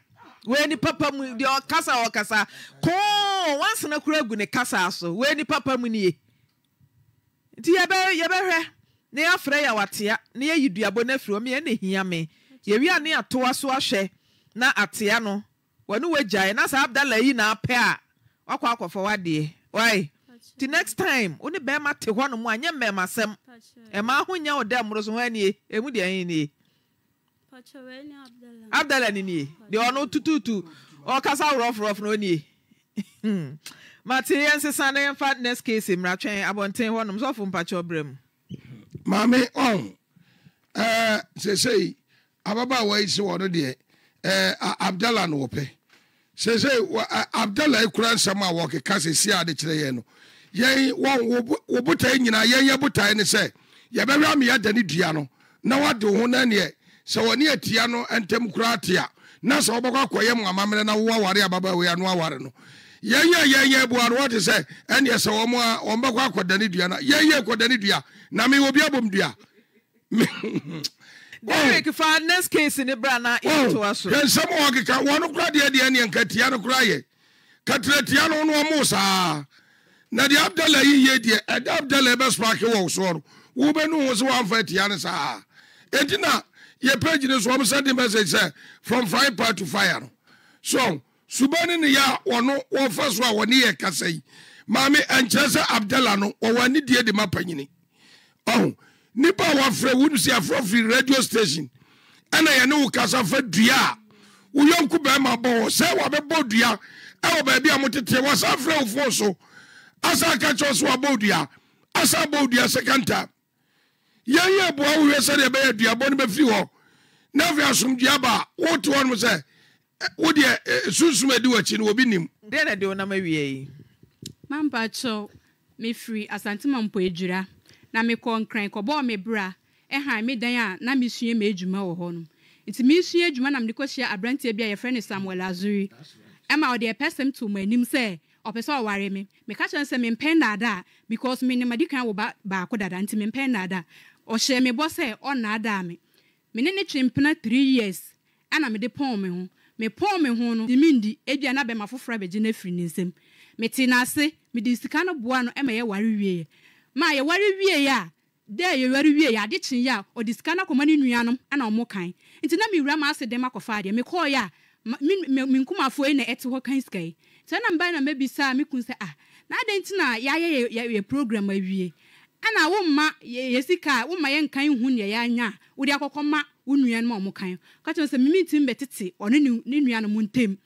wei ne papa mu deɛ ɔkasa ɔkasa kɔn wansana kura gu ne kasa so wei e. ne papa mu nie nti yɛbɛ yɛbɛhwɛ ne yɛafrɛ yɛ watea na yɛyi duabɔ no afiri hɔ meyɛ ne hia me a ne atoa so ahwɛ na atea no wɔne wagyae na saa abdala yi na apɛ a wakɔ akɔfɔ wadeɛ wae nti next time wo ne bɛrima te hɔ no mu a nyɛ mmɛmasɛm ɛma ho nyɛ wo dɛ mmoro so ho anie ɛmu deɛ ɛhe nie abdala ne nie deɛ ɔno tututu ɔkasa worɔforɔfo no ɔnie hmm. mate yɛnsesa na yɛmfa next case mmaratwɛn abɔnten hɔnom sɔfo mpakyɛ berɛ mu maame ɔn sesei ababaawa yi si wɔ no deɛ Eh, abdallah nope, wɔpɛ sɛsɛ abdallah kura nsɛm a wɔkeka sɛsi ade kyerɛ yɛn no yɛn wɔn wo botae nyinaa yɛn yɛ botae ne sɛ yɛbɛhwɛ ama yɛadane dua no na wade wo ho na neɛ sɛ wɔne atia no ntam koraa te na sɛ wobɛkɔ akɔyɛ mu amammerɛ na wowaware ababawei ano aware no yɛnyɛ yɛnyɛ bua no wɔte sɛ ɛneɛ sɛ wɔm a wɔmbɛkɔ akɔdane dua no yɛnyɛ kɔdane dua na mewɔ bi abom dua (laughs) derek fa next case ne bra na yɛtoa so yɛnsɛm wɔkeka wɔno kora deɛ deɛ neɛ nkatia no kora yɛ katratia no no ɔmo saa na deɛ abdala yi yie deɛ ɛda abdala ɛbɛsprake wɔ soɔ no wobɛnu ho sɛ woamfa atia no saa ɛnti na yɛpɛgyi no so ɔm sɛde message sɛ from frying pan to fire no so suba ne ne yɛ a ɔno wɔmfa so a wɔne yɛ kasa yi maame ɛnkyerɛ sɛ abdala no ɔwɔ anidie de ma panyini ɔho oh, nipa wa wafrɛ wo si afrɛ radio station ɛna yɛne wo kasa fa dua a e wo yɔnko bɛrima bɔ hɔ sɛ wabɛbɔ dua ɛwɔ baabi a moteteɛ wasa frɛ wo so asa ka kyerɛ so wabɔ dua asa bɔ dua second time yɛnyɛ aboa wo hwɛ sɛdeɛ ɛbɛyɛ duabɔ no bɛfiri hɔ na afei asomdua ba a wote hɔ nom sɛ wodeɛ sunsum adi w'akyi no wɔbi nim deɛ na mefiri asantema adwira na mekɔ nkran kɔbɔɔ me bra ɛhan me dan a na mesua m'adwuma wɔ hɔ no nti mesua adwuma na mede kɔhyia aberanteɛ bi a yɛfrɛ no samuel azuri ɛma ɔde ɛpɛsɛm to m'anim sɛ ɔpɛ sɛ ɔware me meka kyerɛ no sɛ mempɛn naadaa because menim ade kan wɔ baako dada nti mempɛn naadaa ɔhyɛ me bɔ sɛ ɔnnaadaa me mene ne twempena three years ana mede pɔn me ho mepɔn me ho no mendi ebi a na foforɔ abɛgye no afiri ne nsam mete n'ase mede sika no boa no ɛma yɛ ware wieɛ ma yɛware wie a dɛ yɛware wie ya ade kyen yɛ a ɔde sika no akɔma ne nuanom ana ɔmo kan nti na mewura ma ase dɛm akɔfa a me nkumafoɔ yi na ɛte hɔ kan sika yi na mba na mɛbisaa me kun sɛ a ah, na adɛn na yɛayɛ yɛ program awie ɛna hu a wode akɔkɔ ma wo nuanom a ɔmo kan ka kyerɛ sɛ bɛtete ɔne ne nuanom ntam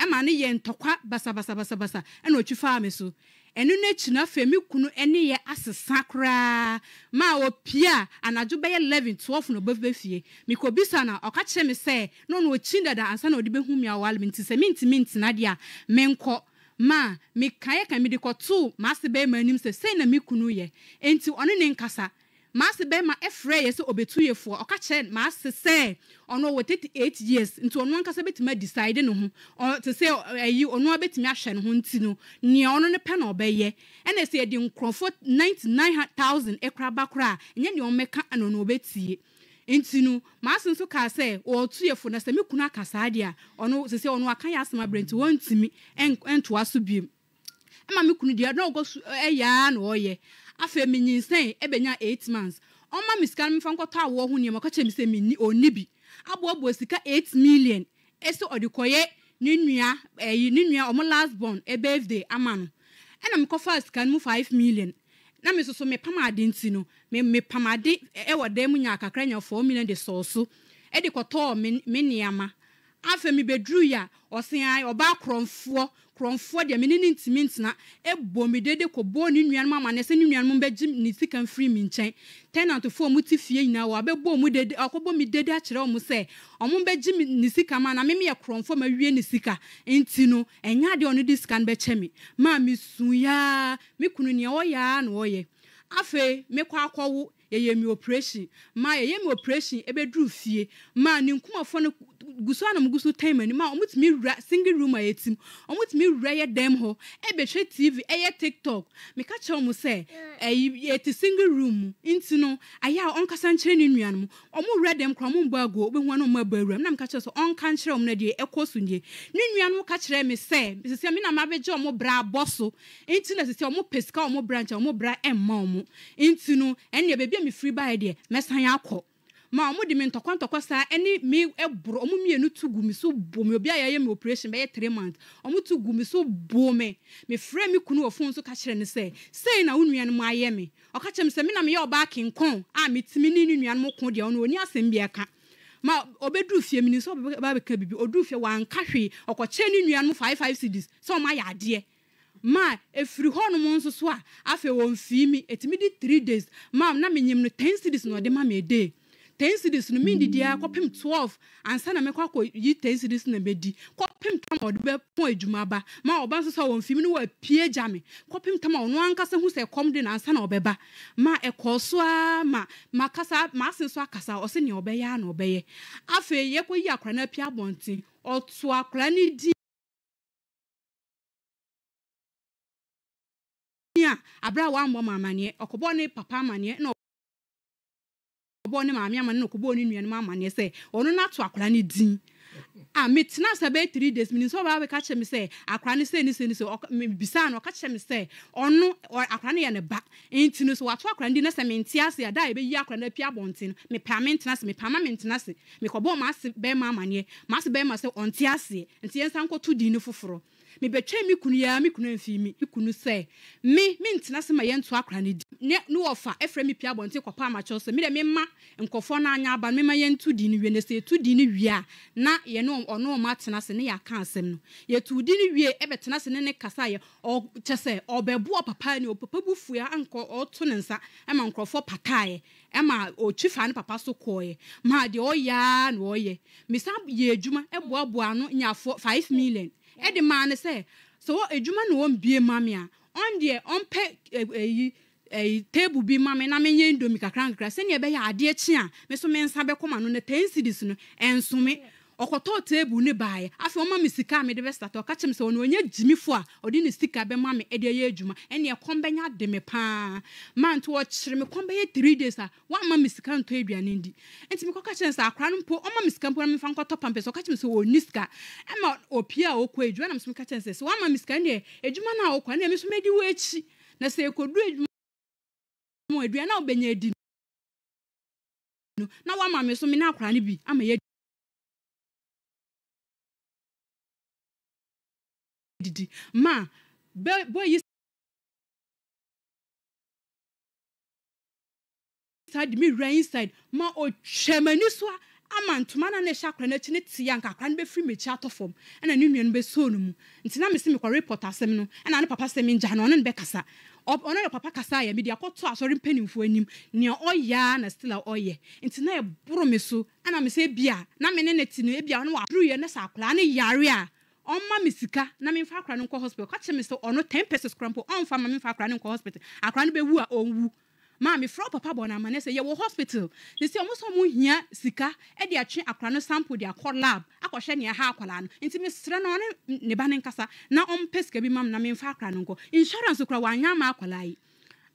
ɛma ne yɛ ntɔkwa basabasabasabasa ɛna me so ɛno no akyi no afei me kunu ne yɛ asesa koraa ma opia a anadwo bɛyɛ 11 12 na ɔbɛba fie mekɔbisa no ɔka kyerɛ me sɛ na ɔno ɔkyi dada ansa na ɔde bɛhu me awale me nti sɛ mentimi ntena deɛ a menkɔ ma mekaeɛ ka mede kɔtoo maase bɛrima anim sɛ sei na me kunu yɛ enti ɔne ne nkasa maase bɛrima frɛ yɛ sɛ ɔbɛtu yɛ foɔ ɔka kyerɛ maase sɛ ɔno wɔ thirty eight years nti ɔno nkasa bɛtumi adecide ne ho ɔte sɛ ɛyi ɔno abɛtumi ahwɛ ne ho nti no nea ɔno ne pɛ na ɔbɛyɛ ɛna esi yɛde nkurɔfoɔ ninety nine thousand ekura ba kora a ɛnyɛ nea ɔmɛka ano na ɔbɛtie nti no maase nso kaa sɛ ɔɔtu yɛ fo na sɛ me aka saa deɛ a ɔno sɛ sɛ ɔno aka yɛ asɛm abirɛ nti wɔntumi ɛntoa so biem ɛma me kunu deɛ ɔno ɔgɔ so ɛyaa na ɔɔyɛ afei menyin sɛn ɛbɛnya eight months ɔma me sika no mfa nkɔtɔ awoɔ ho nneɛma ɔka kyerɛ me sɛ menni ɔnni bi aboaboa sika eight million ɛsɛ ɔde kɔyɛ ne nua ɛyi ne nua ɔmo last born ɛbɛɛfde ama no ɛna mekɔfa sika mu five million na me soso mepam ade nti no me mepam ade ɛwɔ dan mu nya kakra nya four million de sɔɔ so ɛde kɔtɔɔ me mi nneɛma afei mebɛduru yɛ a ɔsen ɔbaa korɔmfoɔ kurɔnfoɔ deɛ mene ne ntumi ntena ɛbɔ me dede kɔbɔ ne nuanom ama ne sɛ ne nuanom bɛgye ne sika mfiri me nkyɛn tenantfoɔ mu te fie nyinaa wɔ abɛbɔ mu dede akɔbɔ me dede akyerɛ wɔn sɛ wɔn bɛgye me ne sika ma na me yɛ kurɔnfoɔ ma wie ne sika nti no ɛnya adeɛ ɔno de sika no bɛkyɛ me maa me sun yaa me kunu nea ɔyaa na ɔyɛ afei mekɔ akɔwo yɛyɛ mi operation maa yɛyɛ mi operation ɛbɛduru fie maa ne nkumafoɔ no gusu anam gusu time anim a ɔmotumi wura single room a yɛtim ɔmotumi wura yɛ dɛm hɔ ɛbɛhwɛ tv ɛyɛ tiktok meka kyerɛ mo sɛ ɛyi yɛte single room nti no ayɛ a ɔnkasa nkyerɛ ne nua no mu ɔmo wura dɛm kora ɔmo mbɔ ago ɔbɛhu ano ɔmo abɔ awura mu na meka kyerɛ so ɔnka nkyerɛ ɔmo na deɛ ɛkɔ so nie ne nua no ka kyerɛ me sɛ sisi mi na ma bɛgye ɔmo bra abɔ so nti na sisi ɔmo pɛ sika ɔmo bra nkyɛn ɔmo bra ɛmma ɔmo nti no ɛnna beebi a mefiri baayɛ deɛ mɛsan akɔ ma ɔmo de mi ntɔkwa ntɔkwa saa ɛne mi ɛboro ɔmo mmienu tu gu mi so bo mi obi a yɛyɛ mi operation bɛyɛ three months ɔmo tu gu mi so bo mi mi frɛ mi kunu wɔ fone so ka kyerɛ ne sɛ sɛn na wo nua no mo ayɛ mi ɔka kyerɛ mi sɛ mi na mi yɛ ɔbaa kinkɔn a mi ti mi ne ne nua no mo ko deɛ ɔno oni asɛm bi ɛka ma ɔbɛduru fie mi ni sɛ ɔbɛba bɛka bibi ɔduru fie wanka hwee ɔkɔkyerɛ ne nua no five five cds sɛ ɔmo ayɛ adeɛ ma efiri hɔnom nso so a afei wɔn fii mi etimi di three days ma na mi nyim no ten cds na ɔde ma mi ede. ten series no mendidiaa hmm. kɔpem 12 ansa na mɛkɔ akɔ yi ten na mɛdi kɔpem tam a ɔde bɛpɔ ma ɔba nso sɛ ɔwɔ mfimi no wapie gya me kɔpem tam a ɔno ankasa hu sɛ ɛkɔm de na ɔbɛba ma ɛkɔɔ so a ma makasa maase nso akasa ɔse nea ɔbɛyɛ a na ɔbɛyɛ afei yɛkɔyi akora no apie abɔnten ɔto akora no di a a ma amanneɛ ɔkɔbɔ ne papa amanneɛ ɔbɔ ne maame ama ne na ɔkɔbɔ ne nua no amaneɛ sɛ ɔno na ato akwadaa no din a metena sɛ bɛyɛ three days mini nso ɔbaa bɛka kyerɛ mi sɛ akwadaa no sɛ ne sɛ ne sɛ bisa no ɔka kyerɛ mi sɛ ɔno akwadaa no yɛ ne ba nti no so wato akwadaa no din na sɛ mente ase a daa yɛbɛyi akwadaa no api abɔnten no mepɛ ama ntena se mepɛ ama mentena se mekɔbɔ maase bɛrima amaneɛ maase bɛrima sɛ ɔnte aseɛ nti yɛn nsa nkɔto din no foforɔ mebɛtwɛn me kunu yɛa me kunu mfii me me kunu sɛ me mentena se ma yɛnto akora no di ne ne wɔfa ɛfrɛ me pia abɔnte kɔpa amakyɛw sɛ medɛ mema nkɔfoɔ no anya aba no mema yɛnto di no wie na sɛ yɛto di no wie a na yɛne ɔno ɔma atena se ne yɛaka asɛm no yɛto di no wie ɛbɛtena se ne ne kasa yɛ kyɛ sɛ ɔbɛboa papa ne ɔpapa bu fua ankɔ ɔto ne nsa ɛma nkurɔfoɔ pataeɛ ɛma otwi fa ne papa so kɔɔɛ ma deɛ ɔyaa na ɔyɛ misa yɛ adwuma ɛboaboa ano nyafoɔ five million ɛde maa ne sɛ sɛ wɔ adwuma na wɔn bie ma mi a ɔn ɔmpɛ ɛyi e, e, ɛyi e, teebu bi ma mi na mi nye ndomi kakra nkira sɛnea ɛbɛyɛ adeɛ kyi a mi so mi nsa bɛkɔ ma no na ten cities no ɛnso mi ɔkɔtɔɔ teebu ne baayɛ afei ɔma me sika a mede bɛsata ɔka kyem sɛ ɔno ɔnyɛ gyimifo a ɔde ne sika bɛma me de yɛ adwuma ɛne ɛkɔm bɛnya ade me paa mante ɔkyere me kɔm bɛyɛ three days a woama me sika ntɔ aduane ndi nti mekɔka kyerɛ sɛ akora no mpo ɔma me sika mpo na memfa nkɔtɔ pampɛ sɛ ɔka kyem sɛ ɔnni sika ɛma opie a ɔkɔ adwuma nam so meka kyerɛ sɛ sɛ woama me sika neɛ adwuma no a wokɔ neɛ na sɛ ɛkɔdu na woama me so me ne akora no bi ama gidi ma bóyí side mi wura inside ma ɔtwa m'ani so a ama ntoma na ne hyɛ akora n'akyi ne tea nka akora no bɛfiri m'akyi atɔ fam ɛna ne nua no bɛsoo no mu nti na mesi mekɔ report asɛm no ɛna ne papa sɛm ngya no ɔne no bɛkasa ɔno yɛ papa kasa yɛ mede akɔtɔ asɔre mpanimfoɔ anim nea ɔyɛ a na still a ɔyɛ nti na ɛboro me so ɛna mesɛ ebia na me ne ne ti no ebia ɔno wɔ aduruiɛ ne sɛ akora ne yare a ɔmma me sika na memfa akora no nkɔ hospital ka kyerɛ me sɛ ɔno 10 pesos kora mpo ɔmfa ma memfa akora no nkɔ hospital akora no bɛwu a ɔnwu maa mefrɛ papa bɔ no amanɛ sɛ yɛwɔ hospital ne sɛ ɔmo sɛ ɔmo hia sika de atwe akora no sample de akɔ lab akɔhwɛ nea ha akwaraa no nti mesrɛ no ɔne ne ba ne nkasa na ɔmpɛ sika bi ma m na memfa akora no nkɔ insurance kora wanyɛ ama akwaraa yi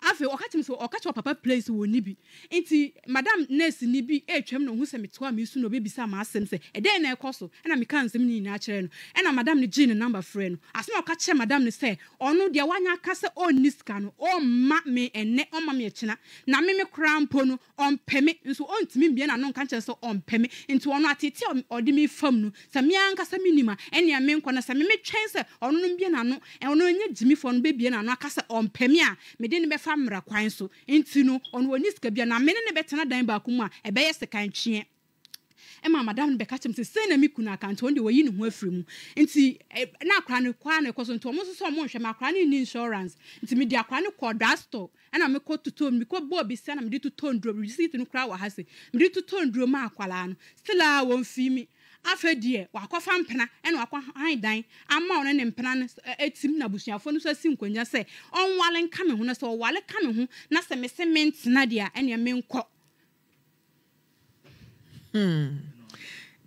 afei ɔka kyerɛ sɛ ɔka kyerɛ papa place wɔ ni bi nti madam nurse ni bi ɛretwam na ohun sɛ metoa mi su na obebisa ama asɛm sɛ ɛdɛn na ɛkɔ so ɛna meka nsɛm ne nyinaa kyerɛ no ɛna madam ne gye ne number frɛ no asɛm ɔka kyerɛ madam ne sɛ ɔno deɛ wanya aka sɛ ɔnni sika no ɔmma me ɛnɛ ɔmma me ɛkyina na me me koraa mpo no ɔmpɛ me nso ɔntumi mbie na no nka kyerɛ sɛ ɔmpɛ me nti ɔno atete ɔde me fam no sɛ me ankasa me nim a ɛnea me nkɔ no sɛ me metwɛn sɛ ɔno no mbie na no ɔno ɛmfa mmara kwan so nti no ɔno wɔni sika bia na mene ne bɛtena dan baako mu a ɛbɛyɛ sikantweɛ ɛma madam no bɛka kyɛm sɛ sɛ na me kunu akante ɔn deɛ wɔyi ne ho afiri mu nti na akora no kwaa na ɛkɔ so nti ɔmo nso sɛ ɔmo nhwɛ m akora no nni insurance nti mede akora no kɔ dra store ɛna mekɔ totɔ mu mekɔ bɔɔ bi sɛ na mede totɔ nduro receipt no koraa wɔ ha se mede totɔ nduro ma akwaraa no still a wɔmfii mi Afe deɛ wakɔfa mpena ɛna wakɔhan dan ama ɔno ne mpena no etim na abusuafoɔ no nso asi nkonnwa sɛ ɔnwale nka me ho na sɛ ɔwale ka me ho na sɛ mese me ntena deɛ ɛnea me nkɔ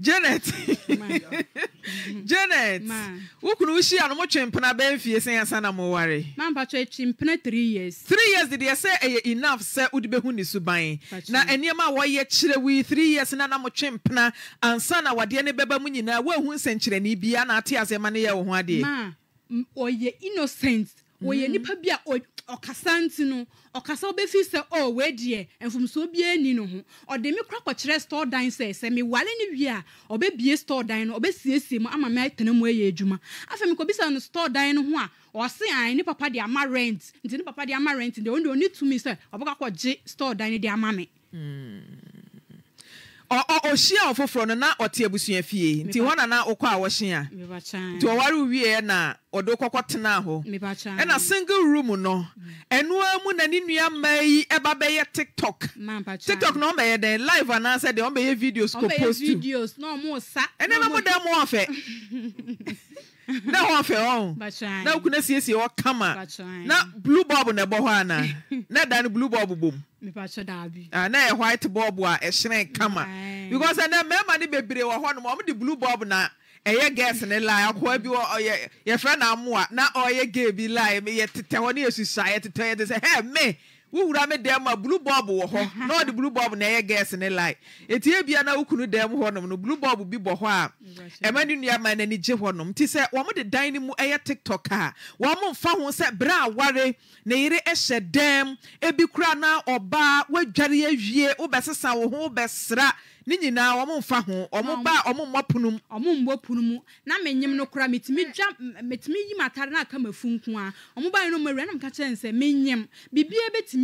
janet (laughs) janet wokunu wohyia no motwe mpena bɛn fie sɛ yɛsa na moware three years dedeɛ sɛ ɛyɛ enough sɛ wode bɛhu ne suban na nneɛma a wɔyɛ kyerɛ wii three years na na motwe mpena ansa na wadeɛ ne bɛba mu nyinaa woahu nsɛnkyerɛnne biaa na ate asɛma no yɛ wo ho adeɛ ɔyɛ innocent ɔyɛ mm. nipa bi a ɔkasa nti no ɔkasa wobɛfi sɛ o oh, wei deɛ mfomsoɔ biara ni no ho ɔde me kora kɔkyerɛ store dan sɛ sɛ mewale no wie a ɔbɛbie store dan no ɔbɛsiesie mu ama mɛtena mu ayɛ adwuma afei mekɔbisa no store dan no ho a ɔse an ne papa de ama rent nti ne papa de ama rent deɛ ɔne deɛ ɔne tumi kwa ɔbɛkakɔgye store dan no ama me hmm. ɔhyia ɔfoforɔ no na ɔte abusua fie nti hɔ na na wokɔ a wɔhye a nti ɔware wieɛ na ɔde tena tenaa hɔ ɛna single room no ɛnoa mu na ne nua mma yi ɛba bɛyɛ tiktok tiktok na ɔmbɛyɛ dɛn live anaasɛ deɛ ɔmbɛyɛ videos kɔ post ɛne no mu dɛ mo ɔfɛ (laughs) (laughs) na hɔ fɛ hɔ na kuna siesie hɔ kama na blue bulb na ɛbɔ hɔ ana (laughs) na da no blue bulb bom ah, na yɛ white bulb a ɛhyerɛn kama because ɛnɛ mmarima no bebree wɔ hɔ nom ɔmo de blue bulb na ɛyɛ gas ne lie akɔa bi wɔ ɔyɛ yɛfrɛ no amoa na ɔyɛ gay bi lie yɛtetɛ hɔ ne yɛsusua yɛtetɛ yɛte sɛ hɛ me wowura me dɛm a blue bulb wɔ hɔ (laughs) na ɔde blue bulb na ɛyɛ gas ne light eti ebia na wokunu dɛm hɔnom no blue bulb bi bɔ hɔ a ɛma ne nua man n'ani gye hɔnom ti sɛ wɔn de dan ne mu ɛyɛ tiktok a wɔn mfa ho sɛ bere ne yere ɛhyɛ dɛm ebi na ɔbaa wadware awie wobɛsesa wo ho wobɛsra ne nyinaa wɔn mfa ho wɔn ba wɔn wɔn na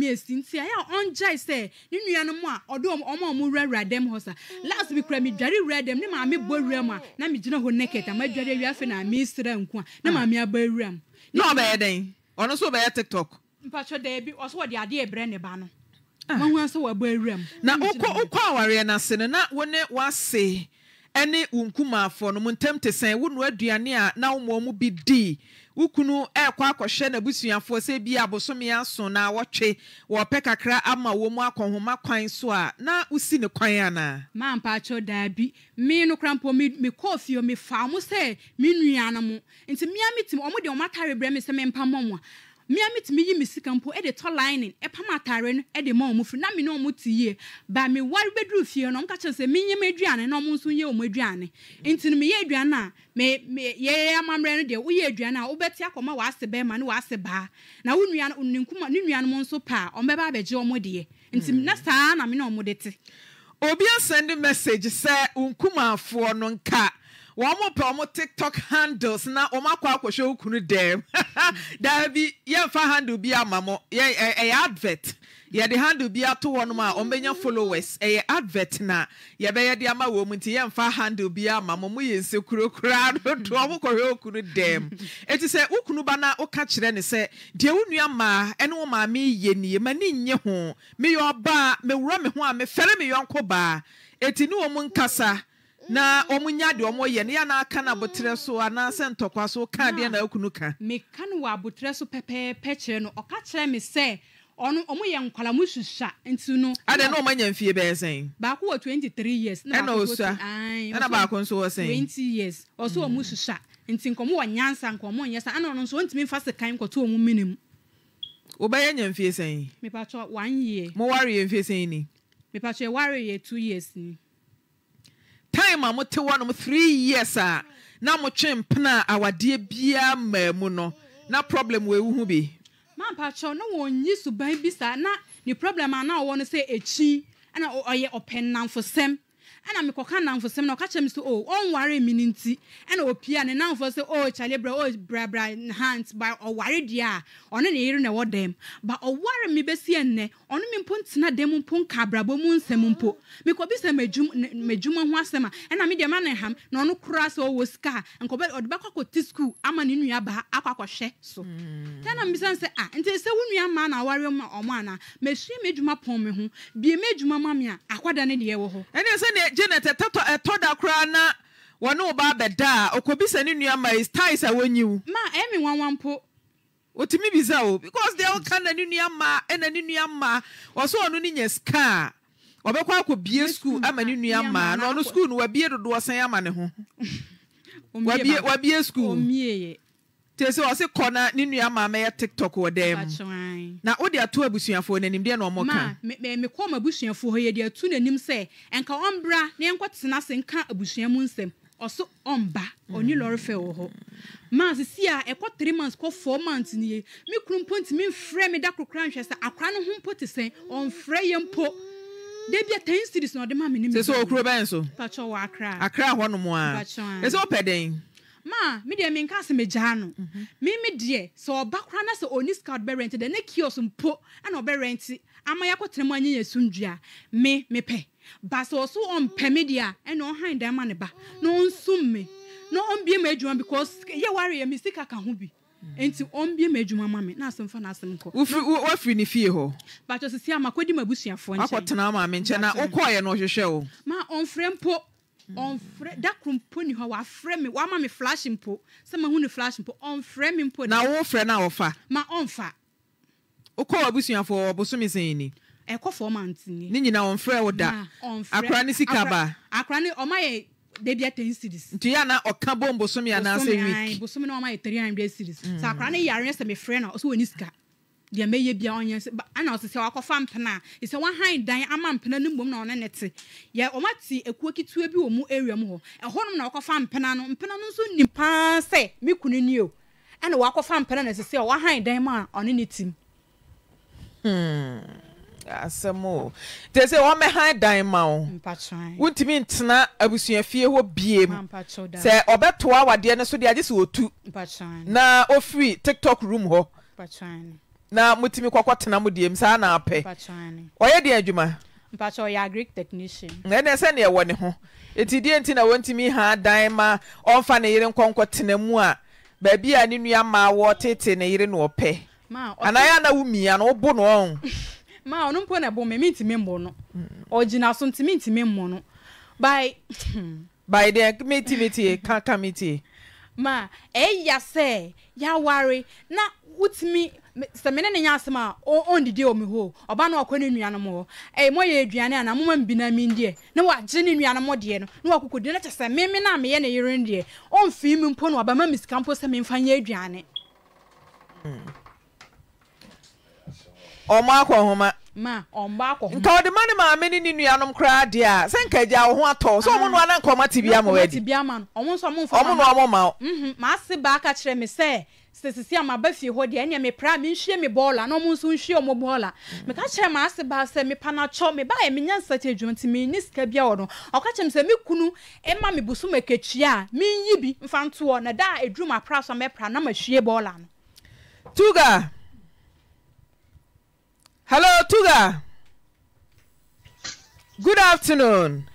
yi esi nti a yɛ ɔngya sɛ ne nua no mu a ɔde ɔmo a ɔmo wurawura dɛm hɔ sa last week kura mi dwari wura dɛm ne maame bɔ wura mu a na mi gyina hɔ naked a ma dware awia fɛ na mi sra nko a na maame abɔ wura mu. na ɔbɛyɛ dɛn ɔno nso ɔbɛyɛ tiktok. mpatwa dɛbi ɔso wɔde adeɛ ebrɛ ne ba no. Ah. wɔn ho asɛ wɔabɔ wura mu. na okɔ okɔ awareɛ n'ase no na wone w'ase ɛne wɔn nkumaafoɔ no mu ntɛm te sɛn wɔn aduane a na wɔn mu bi dii. wokunu ɛkɔ akɔhwɛ n'abusuafoɔ sɛ bi abosome aso na wɔtwe wɔpɛ kakra ama wɔn mu akɔnhoma kwan so a na wosi ne kwan anaa. maa mpa atwa daabi mi no kora mpo mi mi kɔɔ fie mi fa sɛ mi nua no mo nti mmea mi ti ɔmo deɛ ɔmo atare brɛ mi sɛ mi mpa mɔ a. mmea mi tumi yi mi sika mpo ɛde tɔ lining ɛpam ataare no ɛde ma ɔmo firi na mi ne ɔmo ti yie ba mi wari bɛduru fie no ɔmo ka kyerɛ sɛ mi nye mi aduane na ɔmo nso nye ɔmo aduane nti no mi yɛ aduane a mi mi yɛ amammerɛ no deɛ woyɛ aduane a wobɛti akɔma waase bɛrima ne waase baa na wo nua ne nkuma ne nuanom nso paa ɔmo bɛba abɛgye ɔmo deɛ nti na saa na mi ne ɔmo de te. obi asɛn de message sɛ nkumaafoɔ no nka. wɔn pɛ wɔn tiktok handles na wɔn akɔ akɔhwɛ okunu dɛm daabi (laughs) yɛmfa handle bi ama mo yɛ ɛyɛ e, e, e advert yɛde handle bi ato hɔnom a wɔn bɛnya followers ɛyɛ advert na yɛbɛyɛ de ama wɔn nti yɛmfa bi ama okunu okunu ba na ni nua maa eti nkasa. na ọmụnya nya deɛ wɔn yɛ ne aka na abotire so anaasɛ ntɔkwa so ka deɛ na ekunu ka. meka no wɔ abotire so pɛpɛɛpɛ kyerɛ no ɔka kyerɛ mi sɛ ɔno wɔn yɛ nkwalaa mu susua nti no. adan na wɔn anya mfie bɛyɛ sɛn. baako wɔ twenty three years. ɛna osua ɛna baako nso wɔ sɛn. twenty years ɔso wɔn mm. susua nti nkɔmɔ wɔ nyansa nkɔmɔ na ɛna ɔno nso wɔntumi nfa sekan nkɔto wɔn minimu. wobɛyɛ nya mfie sɛn. mipatɔ one year. mo wari yɛ sɛn ni. mipatɔ yɛ two years ni. time a mote hɔnom three years a na motwe mpena a awadeɛ biara mmaa mu no na problem wɔawu ho bi mampakyɛ na wɔnyi suban bi saa na ne problem a na ɔwɔ no sɛ ekyi ɛna ɔyɛ ɔpɛnnamfosɛm ɛna mekɔka namfosɛm na ɔka kyerɛ me sɛ o oh, ɔnware me no nti ɛna ɔpia ne namfoɔ sɛ o oh, kyale brɛ o oh, brabra hans ba ɔware deɛ a ɔne ne yere na ɛwɔ dɛm ba ɔware me bɛsi ɛnnɛ ɔno me mpo ntena dɛm mpo nka abrabɔ mu nsɛm mpo mekɔbi sɛ madwuma ho asɛm a ɛna medeɛ ma ne ham na ɔno koraa sɛ ɔwɔ sika a nkɔbɛ ɔde bɛkɔ akɔte skul ama ne nua baa akɔ akɔhwɛ so hmm. tɛna mbisa sɛ a ah, nti sɛ wo nua maa na aware ma ɔmo anaa masua m'adwuma pɔn me ho bie m'adwuma ma me a akwada ne deɛ wɔ hɔ ɛne sɛ janet ɛtɔtɔ ɛtɔda koraa na wɔne ɔba abɛda a okobisa ne nua ma is ties a wɔnyi wo. ma ɛmi nwanwa mpo. otumi bisa o because deɛ ɔka na ne nua ma ɛna ne nua ma ɔso ɔno ne nya sika a ɔbɛkɔ akɔ bie school ama ne nua ma na ɔno school no wabie dodoɔ sɛn ama ne ho (laughs) wabie wabie school tẹsí ọsẹ kọ na ne nua maame yɛ tiktok wɔ dɛm na o de ato abusuafoɔ n'anim deɛ na ɔmo ka. ma mɛ kɔɔ ma abusuafoɔ hɔ yɛ de atu n'anim sɛ nka ɔmbra na yɛn kɔ tena se nka abusua mu nsɛm ɔso ɔmba ɔne lɔre fɛ wɔ maa sisi a ɛkɔ three months kɔ four months ni mi kunu mpo nti mi nfrɛ mi da kokora nhwɛ sɛ akora no ho mpo te sɛn ɔnfrɛ yɛ mpo debi ten series na ɔde ma mi ni mi. sɛ sɛ okuro bɛn so. patro wɔ akra. akra hɔ nom a. patro a. ɛsɛ ɔpɛ dɛn ma mi deɛ minka sɛ megyaa no mimi deɛ sɛ ɔba koraa na sɛ oni scout bɛrɛnti dɛ ne kios mpo ɛna ɔbɛrɛnti ama yɛakɔtena mu anyɛ yɛ sumdua me mepɛ ba sɛ ɔso ɔmpɛ me deɛ a ɛna ɔhan dan ma ne ba na ɔnsum me na ɔmbie mu adwuma because yɛ ware yɛ me sika ka ho bi mm. nti ɔmbie mu adwuma ma me na asɛmfa n'asɛm kɔ wafiri ne fie hɔ bakyɛ sisi ama kɔdi ma abusuafoɔ nkyɛn akɔtena maame nkyɛn na wokɔɔyɛ no ɔhwehwɛ wo ma ɔmfrɛ mpo Mm. ɔnfrɛ dakoro mpo ni hɔ wafrɛ mi wama mi flash mpo sɛ ma hu ni flash mpo ɔnfrɛ mi mpo. na wo frɛ na ɔfa. ma ɔnfa. nfa. abusuafo ɔbosomi sɛn ni. ɛkɔ fɔ ɔma ntini. ne nyinaa ɔnfrɛ wo da. akora ne sika ba. akora ne ɔma yɛ debi ten series. nti ya na ɔka bɔ bosomi yà na week. bosomi na ɔma yɛ three hundred series. Mm. sɛ akora ne yàrá sɛ mi frɛ na ɔsɛ wɔ ni sika. deɛ mɛyɛ bia ɔnyɛ sɛ sɛ wakɔfa mpena a wahan dan ama mpena no na ɔne ne te yɛ ɔma te ekuo ketewa bi wɔ mu area mu hɔ ɛhɔnom na wakɔfa mpena no mpena no nso nim paa sɛ me kunu ni o ɛna wakɔfa mpena na ɛsɛ sɛ wahan dan ɔne ne tim. Hmm. asɛm o sɛ wɔmɛhan dan ma wo wontumi ntena abusuafie hɔ bie sɛ ɔbɛtoa awadeɛ no so agye sɛ ɔtu na ɔfiri tiktok room hɔ na motumi kɔkɔtena mu diem saa na apɛ ɔyɛ deɛ adwuma ne ho na wɔntumi ha dan ma ɔmfa ne yere nkɔnkɔtena mu a baabi a ne nua ne na ɔpɛ na wo mia no no ma na ɛbɔ me mentumi mmɔ no na so nti mentumi mmɔ no by (clears throat) by deɛ metimetie kaka ma ɛya na sɛ mene ne nyɛ asɛm a ɔndidi wɔ me hɔ ɔba ne nuanom hɔ mɔyɛ aduane a namoma mbina na wagye ne nuanom deɛ no na wakokɔdi no kyɛ sɛ meme no a meyɛ ne yere no deɛ ɔmfii me mpo no wabɛma me sika mpo sɛ memfa nyɛ aduane akɔ homa ma ɔmba akɔ homa nka ɔde ma ne maame ne ne nuanom a sɛ nka wo ho atɔ sɛ ɔmo tibia ma wadi ɔmo nso sisi a maba fie hɔ deɛ ɛnea mepra a menhwie me bɔɔla na ɔmo nso nhwie ɔmo bɔɔla meka kyerɛ ma ase baa sɛ mepa no akyɔ meba yɛ menya nsɛte adwuma nti menni sika bia wɔ no ɔka kyerɛ m sɛ me kunu ɛma me busu makakyia a menyi bi mfa ntoɔ na da a ɛduru so a mɛpra na mahwie bɔɔla no tuga hello tuga good afternoon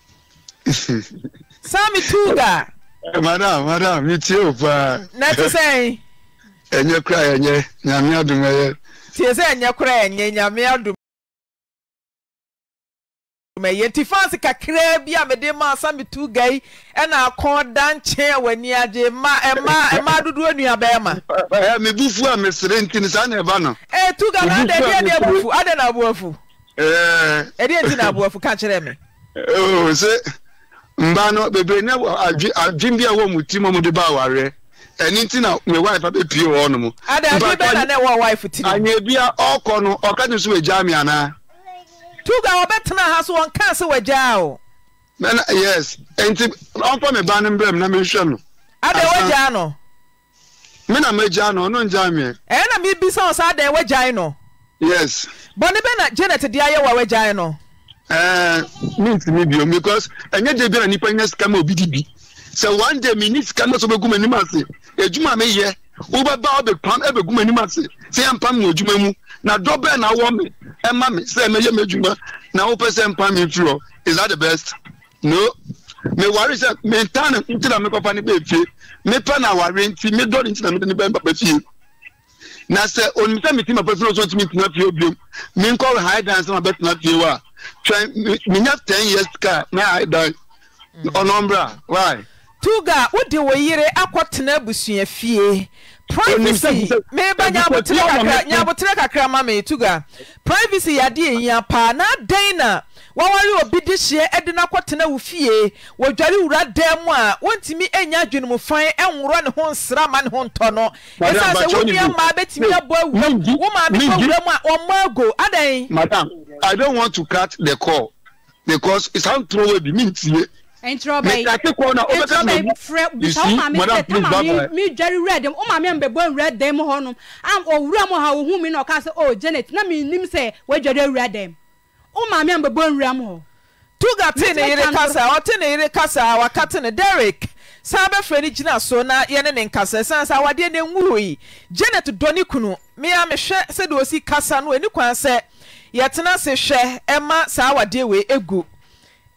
(laughs) sami tuga Eh, madam madam mi tie o a mi de ma tu yi ɛna akɔn ya wɔ ni agye ma ɛma eh, ɛma eh, dodoɔ nua bɛɛ ma. ɛɛ mi bufu a mi sere nti ni saa na ɛba no. ee tu ga na adi adi adi abufu adi na abuafu. ɛɛ adi adi na abuafu kankyerɛ mba no bebree na adwin bi a wɔ mu ti ma mu de ba ɛni ti na mi wife abɛpie wɔ ɔnom. ada adi bɛ na ne wɔ wife ti. anya bi a ɔkɔ no ɔka ne so wɔ gya mi ana. tuga ɔbɛtena ha so wɔn kan se wɔ gya o. mɛna yes nti ɔnfɔ mi ba ne mbɛ mu na mi nhwɛ no. ada wɔ gya no. mi na mi gya no ɔno ngya mi yɛ. ɛyɛ mi bi ada wɔ gya no. yes. bɔnni bɛ na janet di ayɛ wɔ wɔ gya no. Eh, mintimi bio because ɛnyɛ de bi na nipa nyɛ sika ma obi di bi sɛ one day mi ni sika na so bɛ gu ma anim ase edwuma mi yɛ wobɛba ɔbɛpam ɛbɛgu ma anim ase sɛ yɛ mpam wɔ edwuma mu na dɔ bɛɛ na awɔ mi ɛma e mi sɛ ɛmɛ yɛ mi edwuma na wopɛ sɛ mpam mi nfiri is that the best no mi wari sɛ mi ntan na na mi papa ni bɛ fie mi pɛ na wari nti mi dɔ ni na mi ni bɛ papa fie na sɛ onimisa mi ti ma pɛ fie o ti mi tena fie o mi nkɔ high dance na bɛ tena fie wa. menya ten years car na adan ɔnɔmbra mm. why. tuga wode wo yere akɔtena abusua fie privacy meba nyabotire kakra ma me tuga privacy yɛ adeɛ ɛhia paa na adɛn na wɔware obi de hyeɛ de no akɔtena wo fie wɔdware wura dan mu a wontumi anya adwenemufan nworɔ ne ho nsra ma ne ho ntɔ no ɛsiane sɛ wonua maa bɛtumi abɔ awura wo maame kɔ wura mu a ɔmmɔ ago adɛn madam i don't want to cut the call because sound throw away bi mi ntie ntrɔbɛyi ntrɔbɛyi frɛ bisa o maame sɛ tɛ maame mi dwari wura dɛm o maame mbɛ bɔ wura dɛm hɔ nom owura mu ha ohun mi na ɔka sɛ o oh, janet na mi nim sɛ wadwari wura dɛm wo maame a mbɛbɔ nwura mu hɔ tuga te ne yere kasa ɔte ne yere kasa waka te ne derek saa bɛfrɛ no gyina so na yɛne ne nkasa ɛsiane sɛ awadeɛ no nwuroyi janet dɔ ne kunu mea mehwɛ sɛdeɛ osi kasa no ani kwan sɛ yɛtena se hwɛ ɛma saa awadeɛ wei ɛgu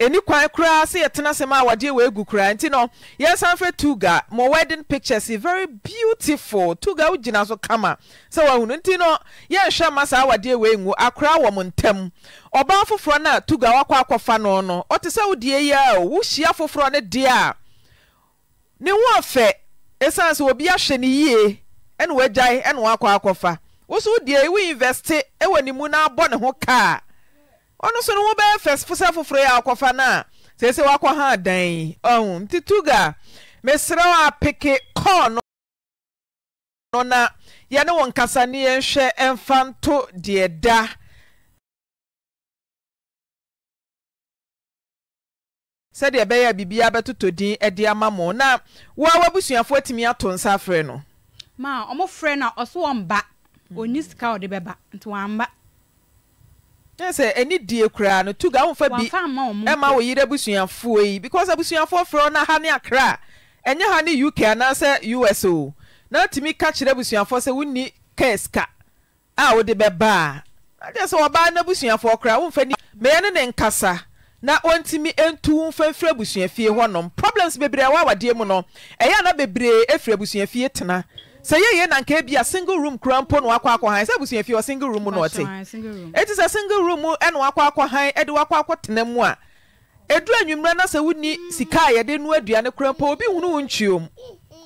ɛni kwan koraa sɛ yɛtena sɛm a wadeɛ wɔagu koraa nti no yɛsan fɛ tuga mo wedding pictures very beautiful tuga wogyina so kama sɛ wahunu nti no yɛnhwɛ ma saa wadeɛ wɔangu akoraa wɔ mo ntam ɔbaa foforɔ no a tuga wakɔ akɔfa no no ɔte sɛ wodeɛ yi a wohyia foforɔ no deɛ a ne ho ɔfɛ ɛsiane sɛ obi ahwɛ no yie ɛne wagyae ɛne wakɔ akɔfa wo so wodeɛ yi woinveste ɛwɔ ne mu na abɔ ne ho kaa ɔno so no wo bɛyɛ fɛsɛ foforɔ yɛ akɔfa no a seesei wakɔ ha dan ɔhu nti tuga mesrɛ w apeke kɔɔ no no na yɛne wo nkasa ne yɛnhwɛ ɛmfa nto deɛ da sɛdeɛ ɛbɛyɛ a biribiara bɛtotɔ din de ama mo na woa w'abusuafoɔ atumi ato nsa afrɛ no ma ɔmo frɛ no a ɔso wɔmba ɔnyi sika ɔde bɛba nti wɔamba sɛ ɛni die koraa no tuga womfa bi ɛma wɔ yere abusuafoɔ yi because abusuafoɔ frɛ no ha ne akra ɛnyɛ ha ne uk anaasɛ us o na tumi ka kyerɛ abusuafoɔ sɛ wonni cas ka a wode bɛbaa agye sɛ wɔbaa no abusuafoɔ koraa womfa ni meyɛ ne ne nkasa na wɔntumi ntu wo mfa mfiri abusua fie hɔnom problems bebree a wɔawadeɛ mu no ɛyɛ ana bebree ɛfiri abusua fie tena sɛ yɛyɛ nanka bi a single room kura mpo na wakɔ akɔ han sɛ abusua fie wɔ single room na ɔte eti sɛ single room ɛna wakɔ akɔ han ɛde wakɔ akɔ tena mu a edu enyimrɛ na sɛ wuni sika a yɛde nua aduane kura mpo obi hunu wo ntuom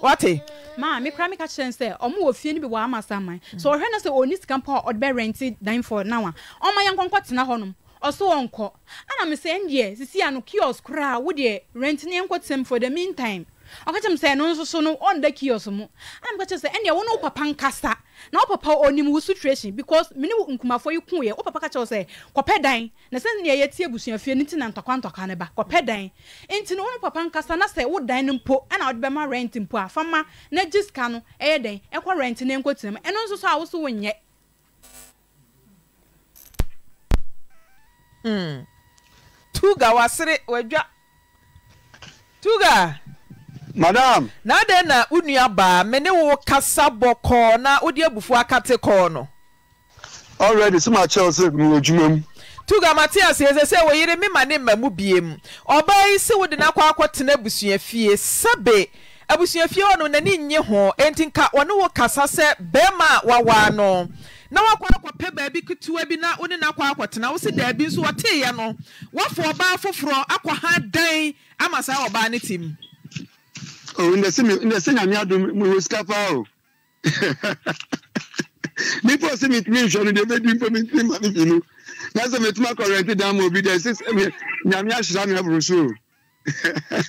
wate. maa mi kura mi ka kyerɛ sɛ ɔmo wɔ fie no bi wɔ ama saman so ɔhwɛ na sɛ oni sika mpo a ɔde bɛ rɛnti dan fɔ nawa ɔmo yɛn nkɔnkɔ tena hɔnom ɔso ɔnkɔ ɛna mi sɛ ɛn deɛ sisi ano kiosk koraa wo deɛ rɛnti ne yɛn nkɔ tɛm for the meantime ɔka kyɛm sɛ ɛno nso so no ɔnda kios mu ana meka kyɛ sɛ ɛnea wo ne wo papa nkasa na wo papa ɔnim wo situation because mene wo nkumafoɔ yi kuiɛ wo papa ka kyɛw sɛ kɔpɛ dan na sɛnea yɛtie abusuafie no nti na ntɔkwantɔkwa ne ba kɔpɛ dan nti no wo ne papa nkasa na sɛ wo dan no mpo ɛna wode bɛma rent mpo a fama na gye sika no ɛyɛ dɛn ɛkɔ rent ne nkɔtena mu ɛno nso so a wo so wonyɛ hmm. tuga wasere wadwa tuga madam na adɛn na wo me ne kasa bɔ kɔɔ na wode abufuo akate kɔɔ no already sɛ makyɛw sɛ mewɔ dwuma mu tuga matias yɛsɛ sɛ wo yere ma ne mma mu biem ɔbaa yi sɛ wode akɔtena abusua fie sɛbe abusua fie hɔ no n'ani nye ho enti nka ɔne wo kasa sɛ bɛrima a wawaa no na wakɔ akɔpɛ baabi ketewa bi na o ndɛ se mi ndɛ se nyame adum mi wo sika paa o nipa ɔsi mi tumi nsɔ no deɛ ebi di mpa mi tumi ma ne fi no na sɛ mi tumi akɔ rɛnti dan ma obi dɛ ɛsi sɛ mi nyame ahyira mi aburo so o.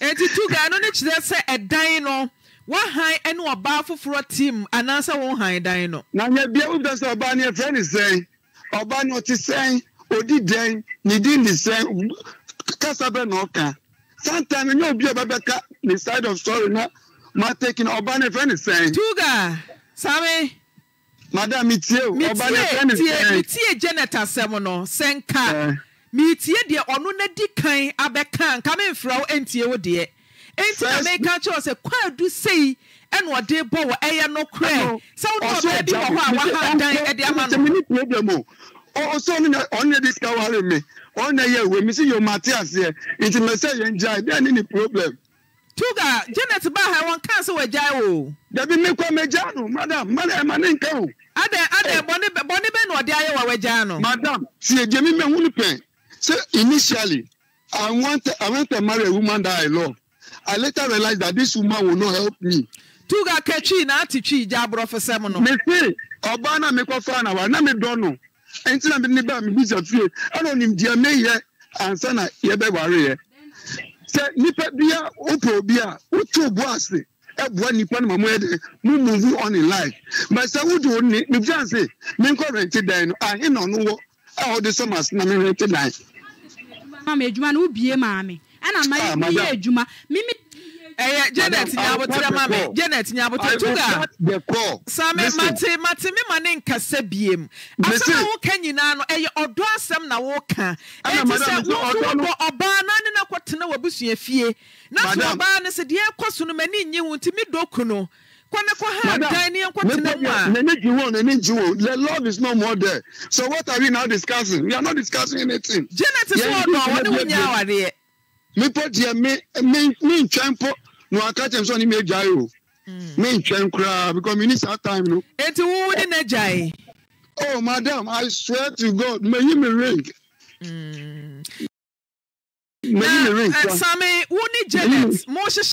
eti tuga ano ne kyerɛ sɛ ɛdan no wahan ɛne ɔbaa foforɔ tim anaasɛ wɔn han dan no. na nyɛ bia wo bɛ sɛ ɔbaa ne ɛfrɛ ne sɛn ɔbaa ne ɔte sɛn odi dɛn ne din ne sɛn kasa bɛ na ɔka santan ne nyɛ obi a the side of sorrow na mateki na ọbanifẹ ni sẹyin. tuga sami. madam mi tie o ọbanifẹ ni sẹyin. mi tie janet asẹmu no sẹnka eh. mi tie deɛ ɔno n'adi kan abɛka nka nfura wo ntie wo deɛ nti na mi ka kyerɛ sɛ kwaadu seyi ɛna ɔde bɔ wɔ ɛyɛ no korɛ sɛ wotɔ baabi wɔ hɔ a waha dan ɛde ama no ọsọ ni na ọni na disika wale mi ọni na yẹ ewe mi si yọ ma ti aseɛ nti mɛ sɛ yɛn gya ɛ ni ni problem. tuga janet ba ha wọn kan sɛ wɔagyae o. dabi mi kɔ megya no madam madam ma ne nka o. adɛ adɛ eh. bɔne bɔne bɛ na ɔde ayɛ wa wɔagyae no. madam tie jemi mi hun pɛn say initially i want i want to marry a woman that i love i later realize that this woman will not help me. tuga kɛtwi na ati twi gya aborɔfo sɛm no. mesi ɔbaa na mi kɔ fa na wa na mi dɔn no ntina mi ni ba mi bi sɛ fie ɛna onim diɛ mi yɛ ansa na yɛ bɛ wari yɛ. sɛ nipa bia wopɛ obi a wotu bu ase ɛboa nipa no ma mo yɛ dɛ mo move on in life ma sɛ wodi o ni mi fiyan se mi nkɔ rɛnti dan no ahe na ɔno wɔ a ɔde sɔ ma na mi rɛnti dan. maame edwuma no wubie maame ɛna mma yɛ edwuma mimi ɛyɛ eh, janet nyabotire ma janet nyabotire tuga sami mate mate mi ne nkasa biem asɛm a woka nyinaa no ɛyɛ ɔdɔ asɛm na woka ɛti sɛ wobɔ ɔbaa na ne nakɔ tena wabusua fie na so ɔbaa no sɛ deɛ ɛkɔ so no m'ani nye wo nti mi dɔ no the love is no more there so what are we now discussing we are not discussing anything. janet sɛ ɔdɔ ɔwɔ ne wo nya awadeɛ. mipo deɛ na waka kyɛm sɛ ɔne megyae o hmm. mentwɛn koraa because meni saa time no ɛnti wo ne na gyae oh madam i swear to god mayi me ring mm. mayi me ah, ring uh, same wo ne janet mohyehyɛ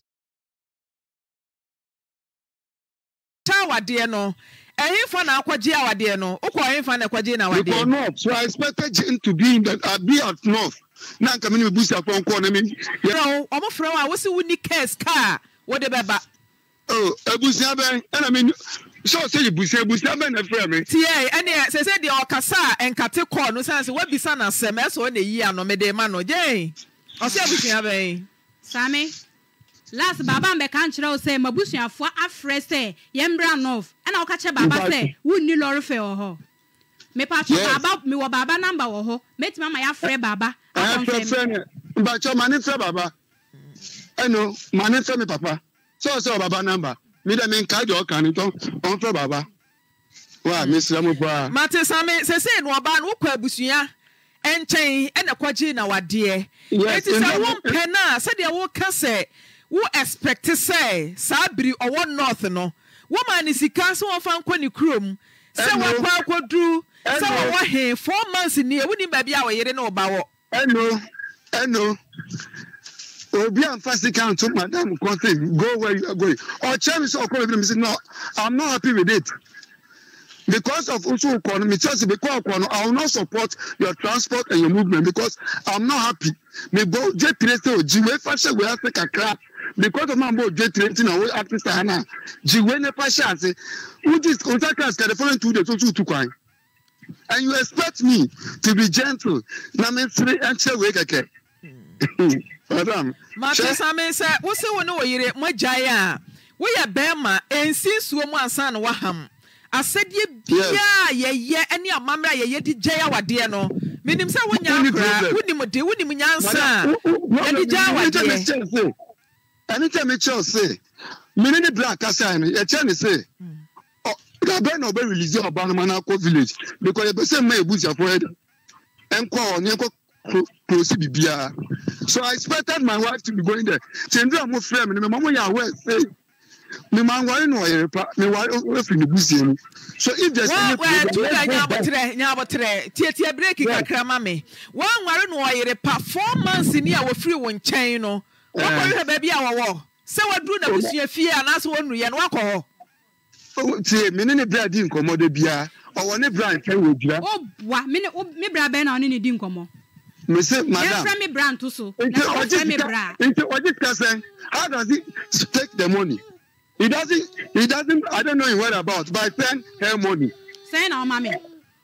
awadeɛ no ɛhefa eh, na akɔgye awadeɛ no wokɔ ɛhefa na akɔgye na awadeɛ no so i expected him to be in that i uh, be at north na nka me ne me booster fɔ nkɔ na me. yɛrɛ fura wa wosi wo ni kɛs kaa wo de bɛ ba. ebusia bɛ ɛna mi sɛ ɔsɛ yi busia busia bɛ na fira mi. tiɛ ɛni sɛsɛ deɛ ɔkasa nkate kɔɔ no sansi wabisa na sɛm ɛsɛ ɔna eyi ano me de ma no jɛn ɔsɛ ebusia bɛ. sami las baba mbɛ kan kyerɛ o sɛ mabusuafoɔ afrɛ sɛ yɛn mbra nɔf ɛna ɔka kyerɛ baba sɛ wunni lɔri fɛ wɔ hɔ mepatɔ baba mewɔ baba namba wɔ hɔ metuma ma yɛafrɛ baba. ẹ̀fẹ̀fẹ̀ ni ìbàtsọ́ màá ní fẹ́ bàbá ẹnu màá ní fẹ́ mi pàpà sọ̀sọ̀ bàbá nàmbà mi dẹ̀ mi ń kájọ ọkàn ni tán ọ̀n fẹ́ bàbá wà mí sira mu màtí sami sèse ìnù ọba wọkọ abusua nkyɛn ɛna na wadeɛ eti sɛ wɔmpɛ naa sɛdeɛ wɔka sɛ wɔ expect biri sika kurom four months ɛnu ɛnu obi anfa sika nto madam kɔfin go where you are going ɔkyɛn mi sɛ ɔkɔ mi mi sɛ no i'm not happy with it because of nso ɔkɔ no mi kyerɛ sɛ because ɔkɔ no i will not support your transport and your movement because i'm not happy mi bɔ oje tire sɛ oji wei fa hyɛ wei ase kakra because of man bɔ oje tire nti na wei ase saa na ji wei nipa hyɛ ase wudi nsa class kɛlɛ fɔlɔ ntu de so tu tu kwan and you expect me to be gentle na mi siri ɛnkyɛ wei kɛkɛ madam. maame sami sɛ wosi wo ne wo mo gya yi a woyɛ bɛrima ensi nsuo mu ansan na waham asɛdeɛ biara yɛyɛ ɛne amammerɛ a yɛyɛ de gya yi awadeɛ no minim sɛ wonya akora wonim de wonim nyansa a yɛde gya awadeɛ. ɛne tɛ mi kyɛw se mene ne black asan no e yɛkyɛ ne se. Mm na bẹẹ na ọbẹ release ọba anoma na akọ village because ẹbẹ sẹ mma ebusuafo ẹda ẹnkọ ọnyẹ nkọ kurosi bibia so i expected my wife to be going there tẹndu a mo fẹ mi ni mo yẹ awẹ ṣe mi máa ń wáyé ní ọ̀yẹ̀rẹ̀ pa mi wáyé òfin ní bùsùn so if there is any problem. wọ́n tún yà ní abọ́tẹ̀rẹ̀ tiẹ̀tiẹ̀ bírèkì kakra má mi wọ́n wáyé ní ọ̀yẹ̀rẹ̀ pa four months ni àwọn firi wọn nkyɛn no wọ́n kọ́ yóò bẹ́ẹ̀ bí àwọ̀wọ́ sẹ́wọ́n dúró na bùsùn yẹn fie àná tie mene ne bra di nkɔmmɔ da biara ɔwɔ ne bra nkyɛn wɔ dwira. o bua mene o me bra bɛn na ɔne ne di nkɔmmɔ. mese madam yɛfrɛ me bra nto so na ɔfrɛ me bra. nti ɔgye sika sɛn how does he take the money he doesn't he doesn't i don't know him well about but i send her money. sɛn na ɔma mi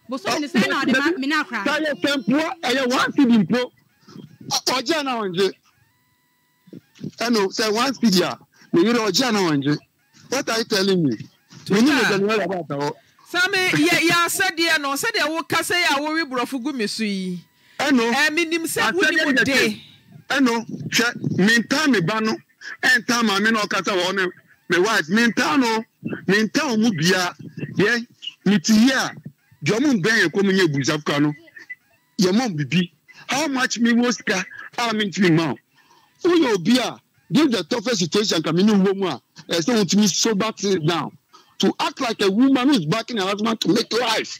bosomi ni sɛn na ɔde ma mi na akora. k'ayɛ sɛnpo ɛyɛ one cd mpo ɔgye na ɔngye ɛnu sɛ one cd a mi yiri ɔgye na ɔngye what are you telling me sami yɛ yɛasɛdeɛ no sɛdeɛ wokasa yi a wore borɔfo gu me so yi ɛno menim sɛ wonim de ɛno hwɛ menta me ba no ɛnta maame na ɔkasa wɔ ne me wife menta no menta wo mu bia yɛ mete yi a deɛ ɔmo mbɛn yɛ kɔm nyɛ abusafoka no yɛ mɔ bibi how much me wo sika a mentumi ma wo woyɛ obi a give the toughest situation ka mene wɔ mu a ɛsɛ wotumi sober till down to act like a woman who is backing her husband to make life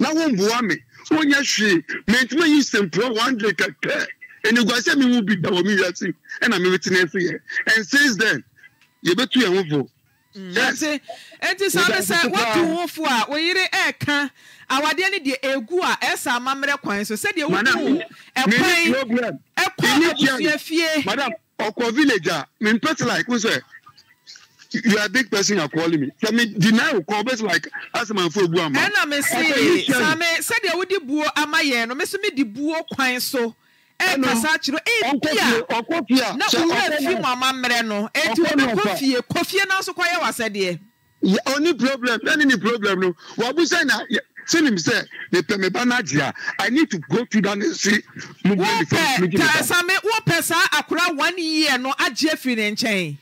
na wọn bu wa mi wọn yẹ hwee mẹtuma yi sẹmpọ one day kẹkẹ eniguase mi wu bi da wọ mi yẹ si ẹna mi ti na yẹ and since then yẹ bẹ tu yẹn ho fo. nti nti sábẹ sẹ wọtu ho fo a oyiri ẹẹka e awadeɛ ne deɛ egu a ɛsɛ amammerɛ kwan so sɛdeɛ wotu ɛkwan ɛkɔ abusua fie. madam ọkọ e e village a mi n pẹsi like n sẹ you are a big person you are calling me so me deny o call bẹsẹ like my asamanfo ebu ama. ẹnna mi si sami sẹdi ewu di buo ama yẹn no mi si mi di buo kwan so ẹ eh, eh, kasa akyerɛ ẹ bia na owurɛ fi mu ama mmerɛ no eti wo bɛ kɔ fie kɔ fie náà so kɔ yɛ wa sɛdeɛ. ɔni problem ɛni ni problem no wabusa na sinim sɛ mepɛ me ba no agye a i need to go to that si mu bɛ nifa mi gyi mi ba. wopɛ same wopɛ saa akora one year no agye afiri ne nkyɛn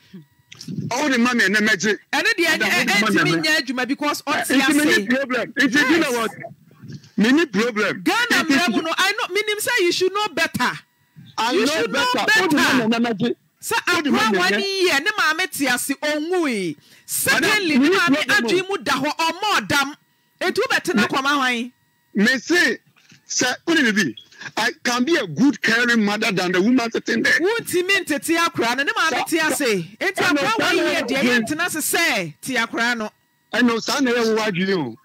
ɔwɔ ne mami ɛnɛ mɛgye. ɛno deɛ ɛntumi nyɛ adwuma because ɔte ase. nti mi ni problem nti bi na wɔ mi ni problem. ghana mmerɛ mu no i know mi nim sɛ you should know better. i you know better ɔwɔ ne mami ɛnɛ mɛgye. sɛ akora wani yɛ ne maame te ase ɔnwui secondly ne maame adwi mu da hɔ ɔmɔ ɔdam etu bɛ tena kɔma hwan. mesi sɛ wuli I can be a good caring mother than the woman sitting there. Wuntimi ntete akora no ne maa bɛte ase. Nti akora wa yie deɛ yɛ ntena se sɛ te akora no. I know na yɛ wo adwiri o.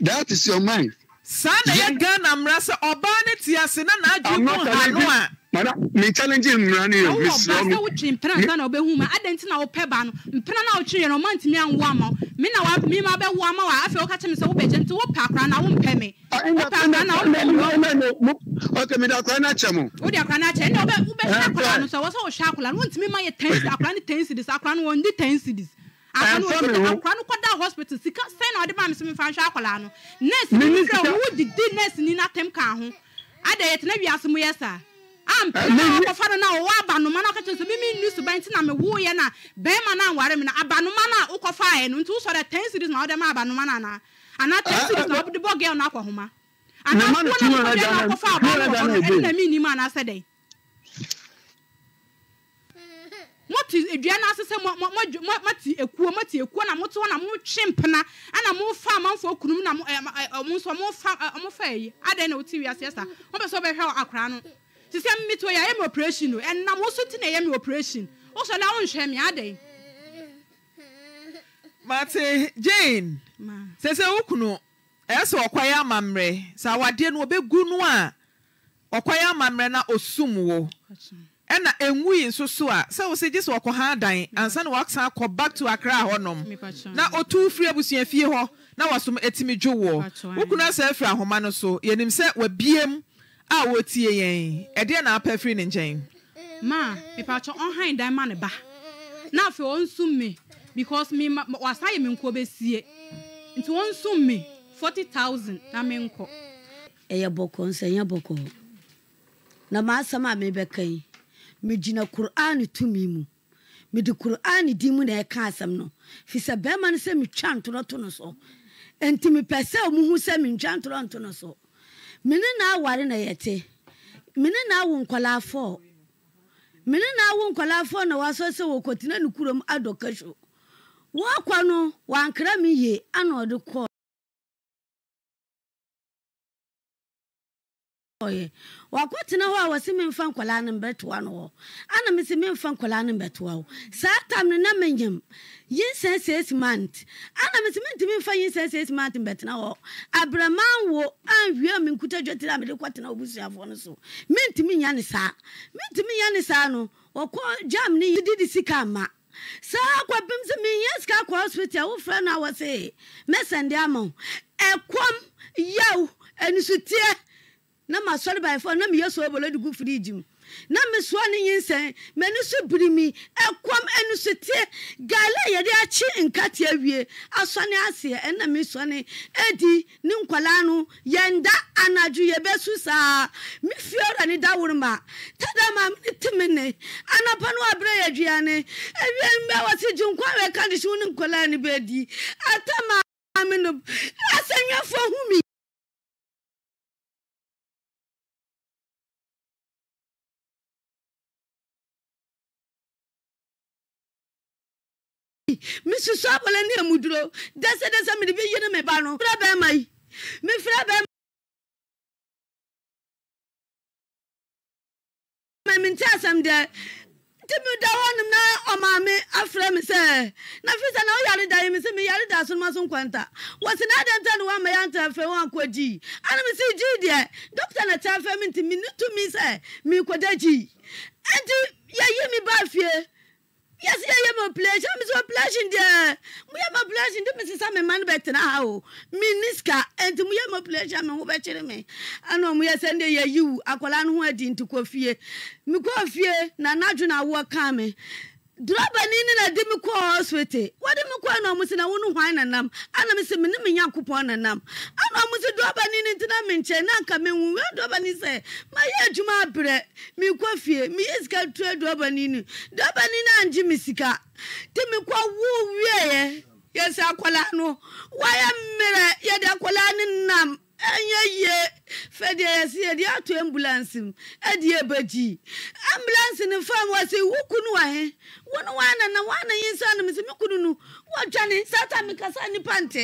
That is your mind. Saa na yɛ Ghana mmara sɛ ɔbaa ne te ase na n'adwiri mu hanu a. Mana mi challenge mmara ni yɛ mi srɔ mi. Ɔwɔ ɔbaa sɛ wotwi mpena na ɔbɛhu ma adan ti na ɔpɛ ba no mpena na ɔtwi yɛ no ɔma ntumi anwo ama mi mi ma bɛ wua ma wa afei o ka kyerɛ mi sɛ o bɛ gye nti o pa akora na o mpɛ mi o pa akora na o mpɛ mi. ɔkè mi da akora na kyɛ mu. o de akora na kyɛ ɛnna o bɛ o bɛ hwɛ akora no sɛ wɔsɛ o hwɛ akora no wɔn ti mi ma yɛ ten akora ni ten cedis akora no wɔn di ten cedis akora eh, no wɔn di akora no kɔda hospital sika sɛn na ɔde ba mi sɛ mi fa nhwɛ akora no nurse ni mi o wudi di nurse ni na tɛm kan ho ada yɛ tena wi ase yɛ saa. Eh, a no na ɔwɔ abanoma mimi nnu suban na mewoyɛ no na bɛrima no anware me no abanoma no a no nti ten series na wode ma abanoma anaa ten eh, eh, na wode bɔ gɛl no akɔ homa anaakɔfa menim anaasɛ dɛn ekuo ekuo na mote hɔ na mpena ɛna amanfoɔ kunum na mo nso mofa ɛyi adɛn na sa te sɛ mmetɔ yɛ ayɛ mi operation o ɛnam woso ti na ɛyɛ mi operation woso na wonhwɛ mi adan. mate jane sese wokunu ɛsɛ ɔkɔyɛ amammerɛ sɛ awadeɛ no wɔbɛgu no a ɔkɔyɛ amammerɛ na osum wo ɛna engu yi nso so a sɛ wosɛ gye sɛ ɔkɔ ha adan ansa na wakasa akɔ back to akra hɔnom na otu firi abusua fie hɔ na wasom etimi dwo wɔ wokunu asɛ afiri ahoma no so yɛnim sɛ wabiem. a wɔtie yɛn ɛdeɛ na apɛ firi ne nkyɛn. maa mipatwa ɔhan dan ma ne ba na afei ɔnsum mi because mi ma wasa yɛ mi nkuo besie nti ɔnsum mi forty thousand na mi nkɔ. ɛyɛ bɔkɔ nsɛnyɛ bɔkɔ na maa asɛm a mi bɛka yi megyina kur'an tumi mu mede kur'an di mu na ɛka asɛm no fi sɛ bɛrima no sɛ metwa ntorɔto no so nti mepɛ sɛ muhu sɛ mentwa ntorɔnto no so mene na aware na yɛte mene na awo nkɔlaa fɔɔ mene na awo nkɔlaa fɔɔ na wasɔ sɛ wɔkɔtena ne kurom adɔ kahwo wɔkɔ no wankra me yie ana ɔde kɔɔ ɔyɛ wakɔtena hɔ a wɔse memfa nkwalaa no mbɛtoa no hɔ ana mese memfa nkwalaa no mbɛtoa wo saa tam no na menyam yinsa six month ana mese mentumi mfa yinsa six month mbɛtena hɔ abraman wo anwie a menkuta dwatiri a mede kɔtena obusuafoɔ no so mentumi nya ne saa mentumi nya ne saa no wɔkɔ gyam ne yididi sika ma saa kɔpem sɛ menyɛ sika kɔ hospital wofrɛ no a wɔ se mɛsɛnde ama ɛkɔm yaw anisoteɛ na ma sɔre ba efo na mi yɛ sɔre bolo dugu firiji mu na mi sɔ ne nyinsɛn mɛ ni so birimi ɛkɔm ɛni so tie gaale yɛde akyi nkatea wie asɔne aseɛ ɛna mi sɔne edi ne nkɔlaa no yɛn da anadwo yɛ bɛ su saa mi fie ɔra ne daworo ma tada ma mi ti mi ne anapa no abere yɛ aduane ewia mbɛ wɔsi gye nkwa wɛ kandisi ne nkɔlaa ne bɛ di atama mi no asɛnwɛfo hu mi. yi mesusu abɔlɛ ne amuduro dɛsɛdɛsɛ mede bi yi ne me ba no frɛ bɛrima yi mefrɛ bɛrima mente asɛm deɛ nti meda hɔ nom na ɔmaame afrɛ me sɛ na fi sɛ na woyare da yi mi sɛ meyare da sonoma so nkwanta wɔse na adɛ nta ne woama yɛanta afrɛ wo ankɔgyii ana me sɛ gyii deɛ dɔkta na kyɛ afrɛ me nti mene mi sɛ merekɔda gyii ɛnti yɛyi me baa fie yasi yɛ ma plɛsi mi sɔ plɛsi deɛ mu yɛ ma plɛsi de mi sisan mi ma ni bɛ tena ha o mi ni sika ɛnti mu yɛ ma plɛsi mi ho bɛ kyerɛ mi ɛnna mu yɛ sɛ de yɛ yiwu akɔla ni ho ɛdi nti kɔ fie na n'adu na awɔ droba ni ne na de me kɔɔ hospital wɔde me kɔɔ na ɔmo na wo no hwan nanam ana me se me ne me nyankopɔn nanam ana ɔmo se droba ni ne ntena nkyɛn na anka mewu wei droba ni sɛ mayɛ adwuma abrɛ mekɔ fie meyɛ sika tura droba ni ni droba ni no angye me sika nti mekɔ wo wieɛ yɛsɛ akɔlaa no wayɛ mmerɛ yɛde akɔlaa ne nam ye ɛnyɛ yie fɛdeɛ yɛsi yɛde ato ambulance mu ɛde ɛbɛgyi ambulance ni fam wɔsi wo kunu wahe wo ne wana na wana yi nsa no mesi me kunu no wɔdwa ne nsa ta mekasa nipa nte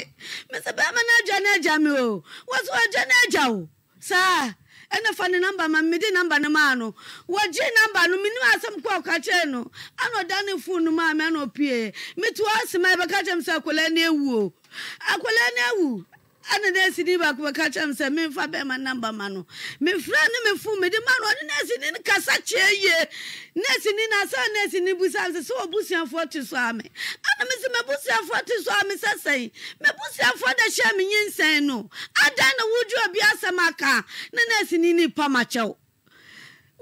mesi bɛrima no adwa no agya me o wɔsi wɔadwa no agya o saa ɛna fa ne namba ma mede namba no maa no wɔgye namba no menim asɛm kɔ ɔka kyerɛ no ana ɔda ne fo no maa me ana ɔpie metu asɛm a ɛbɛka kyerɛ m sɛ akwadaa no awu o akwadaa no awu ɛne nɛɛsi ni baako bɛka kyerɛ me sɛ memfa bɛrima namba ma no mefrɛ ne mefo mede ma no ɔne nɛɛsi ni kasa kyerɛ yie nɛɛsi ni no asɛ nɛɛsi ni busa sɛ sɛ wɔbusuafoɔ te so a me ana me sɛ mabusuafoɔ te so a me sɛ sɛn mabusuafoɔ da hyɛ me nyinsɛn no adan na wodwo obi asɛm aka ne nɛɛsi ni ne pa makyɛw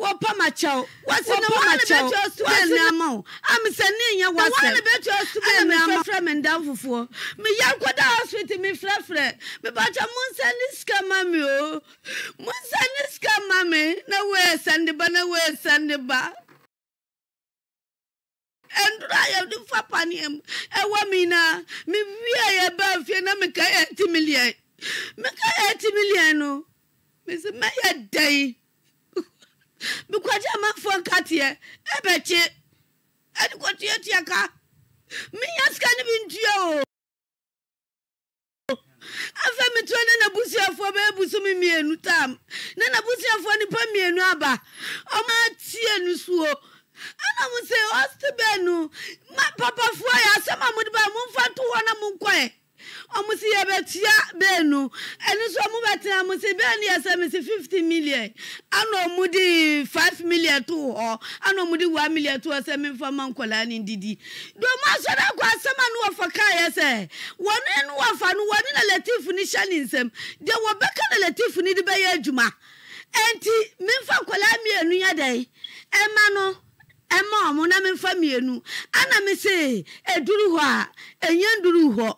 wɔpɔ ma kyɛw wɔsi ne wɔn kyɛw dɛ ne ama wo amisɛnni nyɛ wɔsɛ wɔn ne bɛ tɔ suma mi fɛfrɛ mi ndan fufuo mi yɛ nkɔda hospital mi fɛfrɛ mi ba kyɛ mu nsɛn ne sika ma mi o mu nsɛn ne sika ma mi na wɔyɛ sɛndiba na wɔyɛ sɛndiba ɛndoro a yɛde fa paneɛ mu ɛwɔ mi na mi wie yɛ bɛɛ fie na mi ka yɛ ti miliɛn mi ka yɛ ti miliɛn no mi sɛ mɛ yɛ dɛ yi because amanfoɔ nkateɛ ɛbɛkye ɛne kɔtuatua ka menya sika ne bi ntua o afɛ metua ne nabusuafoɔ bɛyɛ busome mmienu tam na nabusuafoɔ nipa mmienu aba ɔma tie no suo ana mo sɛ ɔste bɛɛ no papafoɔ yɛ asɛm a mode baa momfa nto hɔ na monkɔɛ ɔmo si yɛ bɛtua beenu ɛno nso ɔmo bɛtena mo si beenu yɛ sɛ mesi fifty million ana ɔmo di five million to hɔ ana ɔmo di one million tu hɔ sɛ mefa ma nkɔlaa ne didi domo asɔre akɔ asɛm a no wɔfa kaa yɛ sɛ wɔne no wɔfa no wɔne na latif ni hyɛ ne nsam deɛ wɔbɛka na ni de bɛyɛ adwuma ɛnti mefa nkɔlaa mmienu yɛ dɛ ɛma no ɛma ɔmo na memfa mmienu ana me se ɛduru hɔ a ɛnyɛ nduru hɔ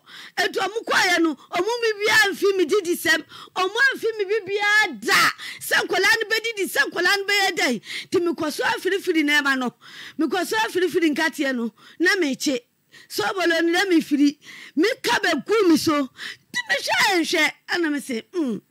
ɛtu ɔmo kɔɔyɛ no ɔmo mi biara mfi mi didi sɛm ɔmo amfi mi biara da sɛ nkɔlaa no bɛdidi sɛ nkɔlaa no bɛyɛ dɛn nti mekɔ so afirifiri nɛɛma no mekɔ so afirifiri nkateɛ no na mekye sɔbɔlɔ ni dɛ mefiri meka bɛgu mi so mehwɛ nhwɛ ɛna mese mm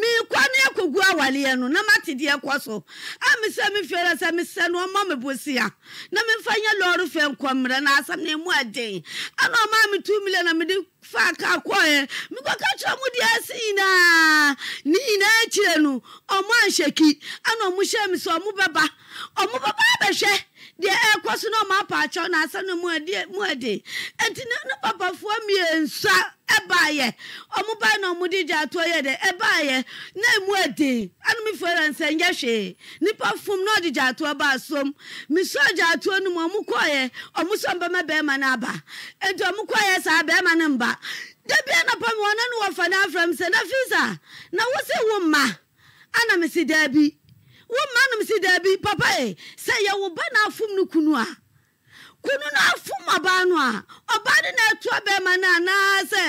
meekɔ ne akɔgu awaleɛ no na mate deɛ kɔ so a mesɛ mefiara sɛ mesɛ no ɔma mebosia na memfa nyɛ lɔɔre fɛ nkɔmmerɛ na asɛm ne mu aden ana ɔma me tu na mede fa ka kɔɛ mekɔka kyerɛ mu deɛ asi nyinaa ne nyinaa kyirɛ no ɔmo anhyɛ ki ana ɔmo hyɛ me sɛ ɔmo bɛba ɔmo bɛba abɛhwɛ deɛ ɛkɔ so na ɔmo apaatwɛ na asa no mu adi mu adi eti ne ne papafoɔ mmiɛnsa ɛbaayɛ ɔmo na ɔmo di gya atoɔ yɛ dɛ ɛbaayɛ na emu adi anumifo yɛ nsa nyɛ hwee nipa fom na ɔdi gya atoɔ ba asom misɔ gya atoɔ no mu ɔmo kɔɔyɛ ɔmo sɔ mbɛma bɛrima no aba etu ɔmo kɔɔyɛ saa bɛrima na mba dabi anapa mi wɔn nanu wɔfa n'afra mi sɛ na fi na wosi wo mma ana mi si daabi. wo manom si daabi papa e sɛ yɛwo ba na afom no kunu a kunu no afom ɔbaa no a ɔbaa no na ɛtoa bɛrima no anaasɛ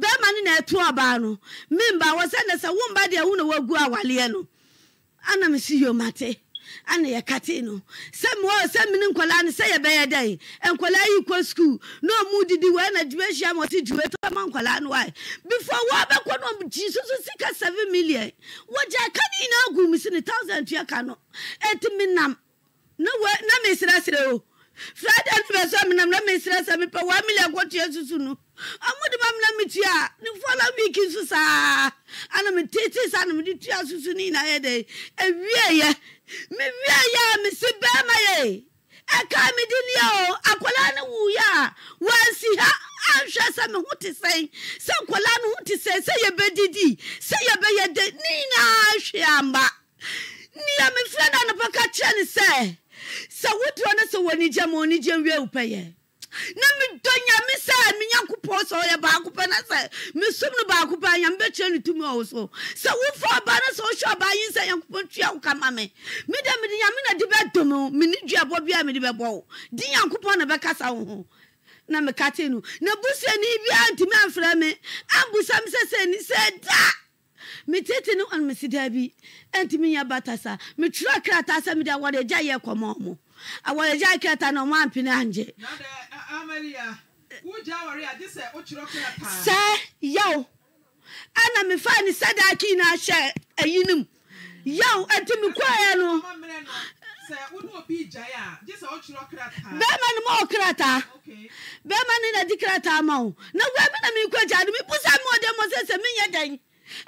bɛrima no na ɛtoa ɔbaa no memba wɔ sɛ nɛ sɛ womba deɛ wo na woagu awaleɛ no ana mesi yomate ana yɛkate no sɛ mewɔ sɛ mene nkɔlaa no sɛ yɛbɛyɛ dɛn nkɔlaa yi kɔ sukuu na ɔmu didi wei na dwuma hyia ma ɔte dwuma tɔ ma nkɔlaa no wae before wɔbɛkɔ no gyi so so sika 7 million wɔgya ka no nyinaa gu mu si ne 1000 tua ka no ɛnti nam na na meserɛserɛ o friday no bɛsɛ menam na meserɛ sɛ mepɛ 1 million kɔtua susu no di ma mena metua a ne mi ki nso saa ana mi titi saa na mi mede tua susu no nyinaa yɛ dɛn awieɛ mewie yɛ a mesi e yɛ ɛka mede ni o akwadaa no ya a si ha ahwɛ sɛ me ho te sɛn sɛ nkwadaa no ho te didi sɛ yɛbɛdidi sɛ yɛbɛyɛ de ne na hwe amba nea mefrɛ na anɔpa ka kyerɛ ne sɛ sɛ wotoɔ ne sɛ wɔ anigya ma ɔnigya wie wo pɛyɛ na medɔ nyame sɛ menyankopɔn sɛ ɔyɛ baako pɛ na sɛ mesom no baako pɛ a nyame bɛkyerɛ no tumi ɔwo so sɛ wofa ɔba no sɛ wohwɛ ɔba yi sɛ nyankopɔn tua wo kama me medɛ mede nyame na de bɛdom wo mene duabɔ bia mede bɛbɔ wo de nyankopɔn na bɛkasa wo ho na meka te no na busuani biara ntumi amfrɛ me ambusa me sɛ sɛ ni sɛ da metete ne ɔno mesi daa bi ɛntumi nyɛ bata sa metwerɛ krataa sɛ mede awɔde gya yɛ kɔmɔ mo awɔregya kɛta na ɔmo ampene angye sɛ yaw ɛna mefa ne sɛde ake nyinaa hyɛ ayinom yaw ɛnti mekɔɛ no bɛɛma no ma ɔkrataa bɛɛma no na di krataa ma wo na wura bi na mekɔgya no mebusa me ɔdɛ mɔ sɛ mi menyɛ dɛn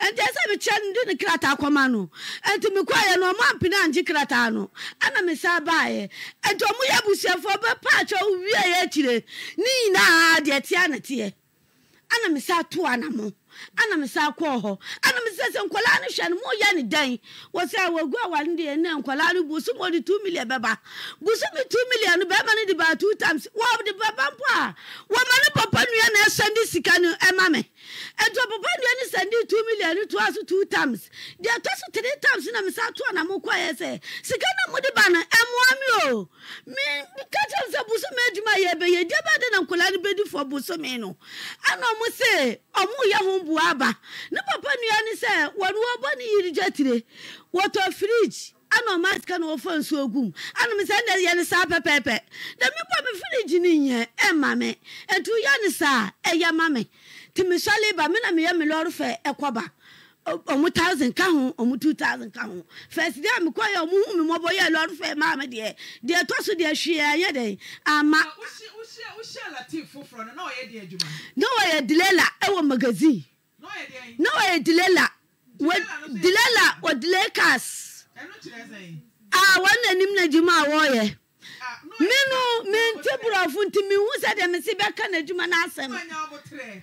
ɛnti sɛ mekyɛ no de ne krataa kɔma no ɛnti mekɔyɛ no ɔma ampene angye krataa no ana mesa baeɛ ɛnti ɔmoyɛ abusuafoɔ bɛpaakyɛ wo wieɛ akyire ne nyinaa deɛ na teɛ ana mesa to ana m ana ana no a wane deɛ nɛ no mpụ a papa na ndị sika ɛtu papa deɛ ne sɛnde two million no toa so two times deɛ ɛtɔ so three times na mesa toa na mokɔɛ sɛ sika na mode ba no ɛmoa me o meka kyerɛ sɛ bosome adwuma yɛbɛyɛ deɛ bɛde na nkɔla no bɛdi fɔ bosome no ɛna ɔmo se ɔmoyɛ ho boa aba ne papa nnua ne sɛ wɔne wɔbɔ ne yiri gya tire wɔtɔ fridge ana ọma sika na ọfọ nsuo gum ana m sị ndị yɛ ne saa pɛpɛɛpɛ na mmepɔ m firiji ne nyɛ ɛma me etu yɛ ne saa ɛyɛ ma me nti mesɔle ba me na meyɛ me lɔre fɛ ɛkɔba ɔmo thousand ka ho ɔmo two thousand ka ho first day a mekɔ yɛ ɔmo hu mi mɔbɔ yɛ lɔre fɛ maa mi deɛ deɛ ɛtɔ so deɛ hwee ɛnyɛ dɛ ama. Ah, na wɔyɛ dilela ɛwɔ magazine na wɔyɛ dilela dilela wɔ delay cars a wɔn n'anim na adwuma a wɔyɛ ah, menu menti borɔfo nti mehu sɛ deɛ mesi bɛka n'adwuma no asɛm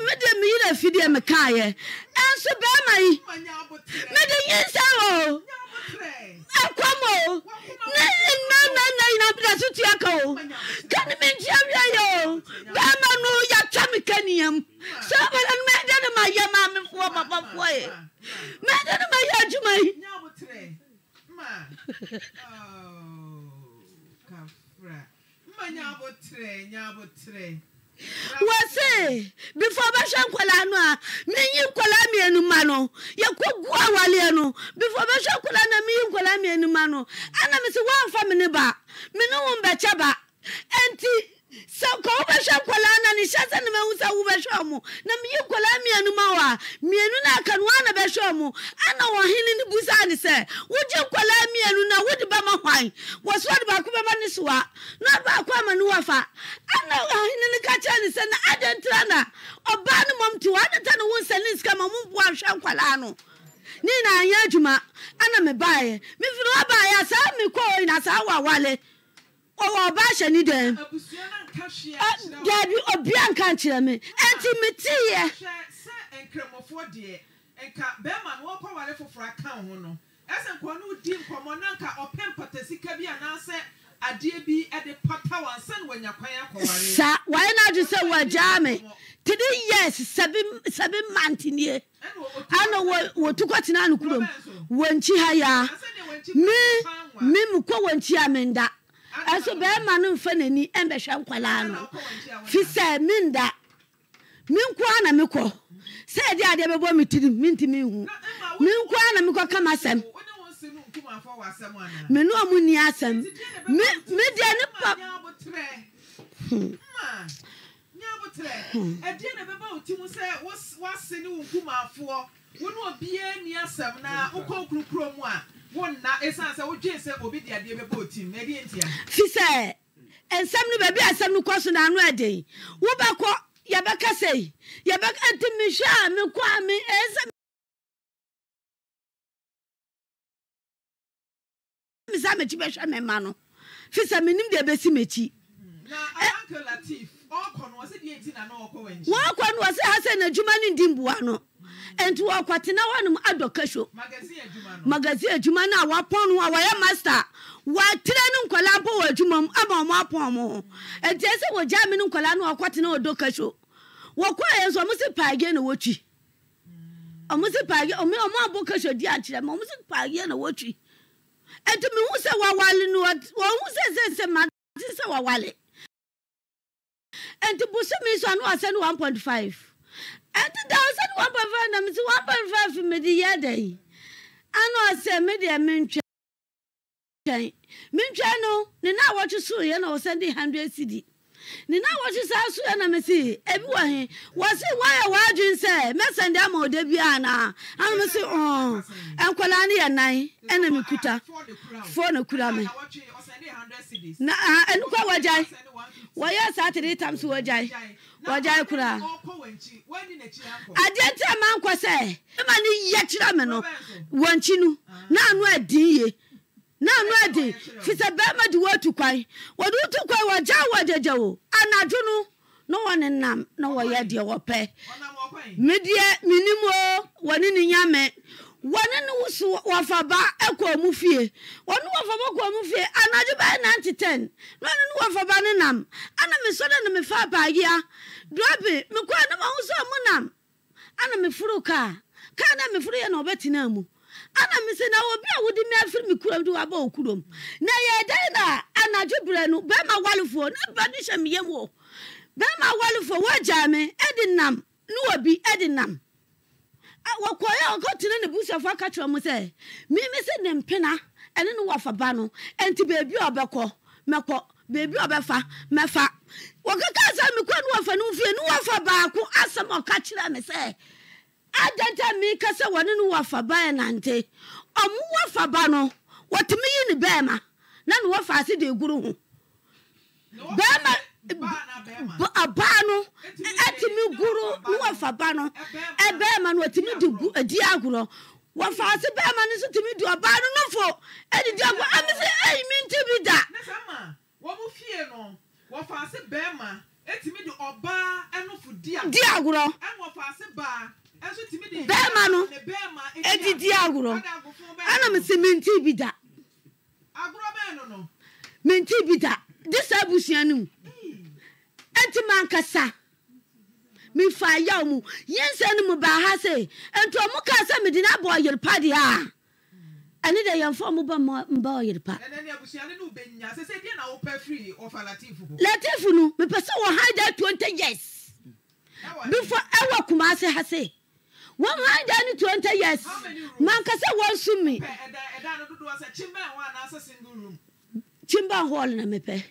mede meyerɛ afideɛ mekaeɛ ɛnso bɛrima yi mede nyinsɛm o ɛkɔm o ne mmarima nyina meda so tua ka o ka ne mentua o bɛrima no yɛtwa me ka niam sɛ bɛda no mɛde no mayɛ ma mefoɔ papafoɔ ɛ mɛde no mayɛ adwuma yi oh, Ma nyabo tre, nyabo tre wɔse before bɛhwɛ nkɔlaa no a menyi nkɔlaa mmienu ma no yɛkɔgu awaleɛ no before bɛhwɛ nkɔlaa na a menyi nkɔlaa mmienu ma no ana me sɛ woamfa me ne ba me ne wo mbɛkyɛ ba ɛnti sɛ kɔwobɛ hwɛ nkɔlaa na ne hyɛ sɛ ne mahu sɛ wobɛhwɛ mo na meyi nkɔlaa mmienu ma wo a mmienu no akanoa na bɛhwɛ mo ana wɔhene no busaa ne sɛ wogye nkɔlaa mmienu na wode bɛma hwan wɔso ɔde baako bɛma ne soa na ɔde baako ama ne wafa ana ɔhene no ka kyerɛ ne sɛ na adɛ ntra na ɔbaa no mmɔm te hɔ ne wo nsɛ ne sika ma momboa hwɛ nkɔlaa no ne na adwuma ana mebaeɛ mefiri wabaeɛ a saa mekɔɔ nyina saa wawale ɔwɔ ɔbaahya ni dɛn daabi obia nka nkyerɛ me ɛnti meteeɛ nkramofoɔ deɛ nka bɛrima no wɔkɔ wale foforɔ aka ho no ɛsɛ nkɔɔ no di nkɔmmɔ na nka ɔpɛ mpata sika bi anaasɛ adeɛ bi ɛde pata wɔn ansa na wɔnya kwan akɔware. sa wɔyɛ n'adwo sɛ wɔagyaa me three years seven seven months nie ana wɔ wɔtu kɔ ha yaa me me mu kɔ wɔnkyi ɛso bɛrima no mfa n'ani ɛmbɛhwɛ nkwalaa no fi sɛ menda menkoa na mekɔ sɛ ɛde adeɛ bɛbɔ me tiri mentimi nhu menkoa na mekɔ kama sɛm mene ɔmo nni asɛm medeɛ ne pa ɛdeɛ na bɛba wo ti mu sɛ woase ne wo nkumafoɔ wo ne obiaa nni na wokɔ kurokuro wonna ɛsan sɛ wogye sɛ obi de adeɛ bɛbɔ otim na ɛdeɛ ntia fi sɛ nsɛm no baabi a nsɛm no kɔ so na ano ɛden wobɛkɔ yɛbɛka sɛi yɛbɛka nti mehwɛ a mekɔ a me ɛsɛ mesa m'akyi bɛhwɛ me mma no fi sɛ menim deɛ ɛbɛsi m'akyi hmm. wɔkɔ no wɔ sɛ ha sɛ n'adwuma no ndi mboa no nti wɔkɔtena hɔnom adɔ kahwo magazin adwuma no a wɔapɔn no a wɔyɛ master wɔatere no nkɔla mpo wɔ adwuma mu ama ɔmo apɔn mo ho ɛnti sɛ wɔgya me no nkɔla no wɔkɔtena ɔdɔ kahwo wɔkɔɛ nso ɔmo se paage na wɔtwi ɔmo se paage ɔmo ɔmo abɔ kahwo di akyerɛ ma ɔmo se paage na wɔtwi ɛnti mehu sɛ wɔawale no wɔhu sɛ sɛ sɛ mate sɛ wɔawale ɛnti bosome so ano asɛ no 1.5 ɛti da ɔsɛ ni one point five na misi one point five mi di yɛ da yi ɛna ɔsɛ mi deɛ mi ntwɛn mi ntwɛn no ne na awɔtwe so yɛ na ɔsɛ de hundred cedi ne na wɔhye saa so ɛ na mese ebi wɔ he wɔ se woayɛ w'adwen sɛ mɛsɛnde ama ɔda bi anaa ano me se ɛnkwalaa ne yɛ nan ɛna mekuta fo na kura me na ɛnokwa wɔgyae wɔyɛ saa three times wɔgyae wɔgyae koraa adeɛ nti a mankɔ sɛ ɛma ne yɛ kyerɛ me no wɔnkyi no na ano adin yie na ano adi fisɛ bɛrima de wɔatu kwan wɔde wotu kwan wɔgya wɔgyagya o anadwo no na wɔne nam na wɔyɛ deɛ wɔpɛ medeɛ menim o wɔne ne nyame wɔne ne wo so wɔfaba kɔ mu fie wɔne wɔfaba kɔ mu fie anadwo bɛyɛ nante ten na ɔne ne wɔfaba ne nam ana mesɔre ne mefa apaayea dɔbe mekɔa ne ma ho mu nam ana meforo kaa kaa na meforo yɛ na ɔbɛtena mu ana m sɛ na obi a wode me afiri me kurom de waba wo kurom na ya dan na anadwo berɛ no bɛrima walefoɔ na ba no hyɛ meyam wɔ bɛrima walefoɔ wɔagyaa me ɛde nam ne wɔbi ɛde nam wɔkɔyɛ ɔkɔtena ne busuafoɔ aka kyerɛ mu sɛ meme sɛ ne mpena ɛne ne wɔfa ba no ɛnti beebi a ɔbɛkɔ mɛkɔ baabi a ɔbɛfa mɛfa wɔkeka sɛ mekɔ ne wɔfa na mfie ne wɔfa baako asam ɔka kyerɛ me adada meka sɛ wɔne no wɔfaba ɛnante ɔmo wɔfaba no wɔtumi yi ne bɛɛma na ne wɔfa ase de guru ho bɛɛma baa no ɛtumi guru ne wɔfaba no ɛbɛɛma no wɔtumi di agorɔ wɔfa ase bɛɛma no nso tumi di ɔbaa no nofo ɛdidi agorɔ ɛmi sɛ ɛyi mi nti bi da. wɔn fie no wɔfa ase bɛɛma ɛtumi di ɔbaa ɛnofo di agorɔ ɛnwɔfa ase baa. bɛrima no ɛdidi agorɔ ɛna mese mente bi da mente bi da de saa abusua no mu ɛnti mankasa mefa yaw mu yɛnsɛ no mu baa ha se ɛnti ɔmo kaa sɛ mede no abɔ ɔyerepa deɛ a ɛne dɛ yɛmfa ɔmo ba mba ɔyerepa latif no mepɛ sɛ wɔ ha da 20 years before ɛwɔ kumase ha se one hundred and twenty years mankasa wɔn sum mi. chimba hall na mepɛ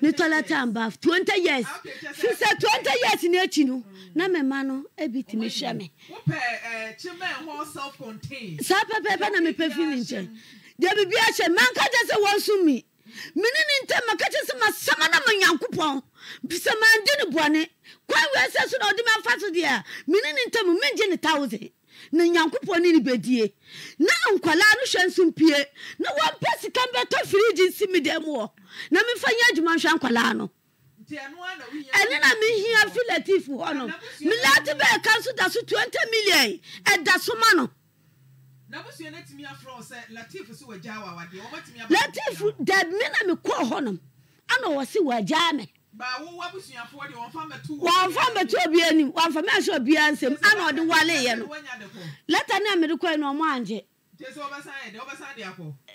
ne toilet and bath twenty years ah, sisa twenty years mm. na ekyi e no eh, na mɛma no ebi tumi hyɛ me. saa pɛpɛɛpɛ na mepɛ fi mi nkyɛn deɛ ahyɛ mankasa sɛ wɔn mi mene ne ntam maka kyerɛ sɛ masɛma no ma nyankopɔn sɛ mandi ne bɔne kwan wia sɛ so na ɔde me afa so deɛ a mene ne ntam mengye ne tawse na nyankopɔn ne ne bɛdie na nkwalaa no hwɛ nso mpie na wɔmpɛ sika mbɛtɔ firigye nsi me dɛm wɔ na memfa nyɛ adwuma nhwɛ nkwalaa no ɛne na mehia filatif hɔ no melate bɛɛka so da so 20 million ɛda so ma no n'abusua n'atumi afrɛ sɛ latif sɛ wagyaa wa awadeɛ wɔbɛtumi abɔ latif dabi na mi kɔ hɔ nom ana wɔsi wagyaa mi. baawo wabusuafoɔ de wɔn fa tu wɔn fa mɛtu obi anim wɔn fa mɛtu obi ansɛm ana ɔde wale yɛ no lɛta ne amiri kɔ yi na ɔmo angye.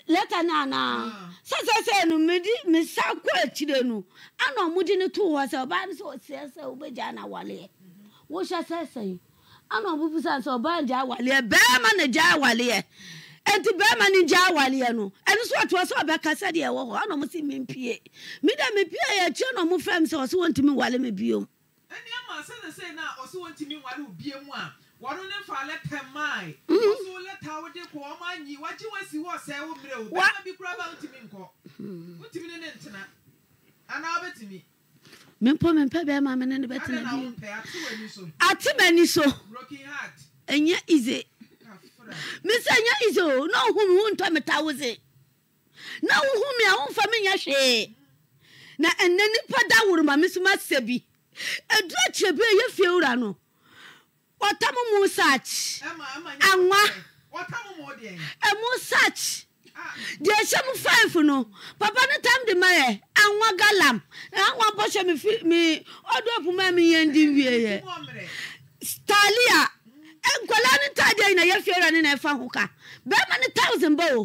lɛta ne ana ah. sɛsɛsɛ no medi misa kɔ akyire no ana ɔmo de ne to hɔ sɛ ɔbaa no sɛ ɔsɛ sɛ ɔbɛgyaa na wale yɛ wɔhyɛ sɛsɛ ana sa e, na gya awaleɛ ɛnti bɛrima no gya awaleɛ no ɛno so ɔtoa sɛ ɔbɛka sɛdeɛ ɛwɔ hɔ ana ɔmo se mempie meda mepie yɛ akyire na ɔmo fɛm sɛ ɔse wɔntumi wale me biom ɛnneɛma sɛne sɛ na ɔse wale a ne kɔ anyi wɔ sɛ mmerɛ bi ba nkɔ hmm. ne ne ntena mpo mempɛ bɛma me ne ne bɛtena bi ate m'ani so ɛnyɛ ize mesɛ ɛnyɛ ize o na ohu me wontɔ me tawose na wohu me a womfa menyɛ hwee na ɛnɛ nipa da woroma me so masɛ bi ɛdura kyerɛ bi a ɛyɛ fie wura no ɔtam mu search awa ɛmu search deɛ ɛhyɛ mu five no papa no tam de ma yɛ anwa galam e, anwa bɔhyɛ me fi me ɔdo apoma me yɛ wieɛ stalia nkɔla no ta deɛ nyina ne na ɛfa e ho ka bɛrima no thousand bɛ o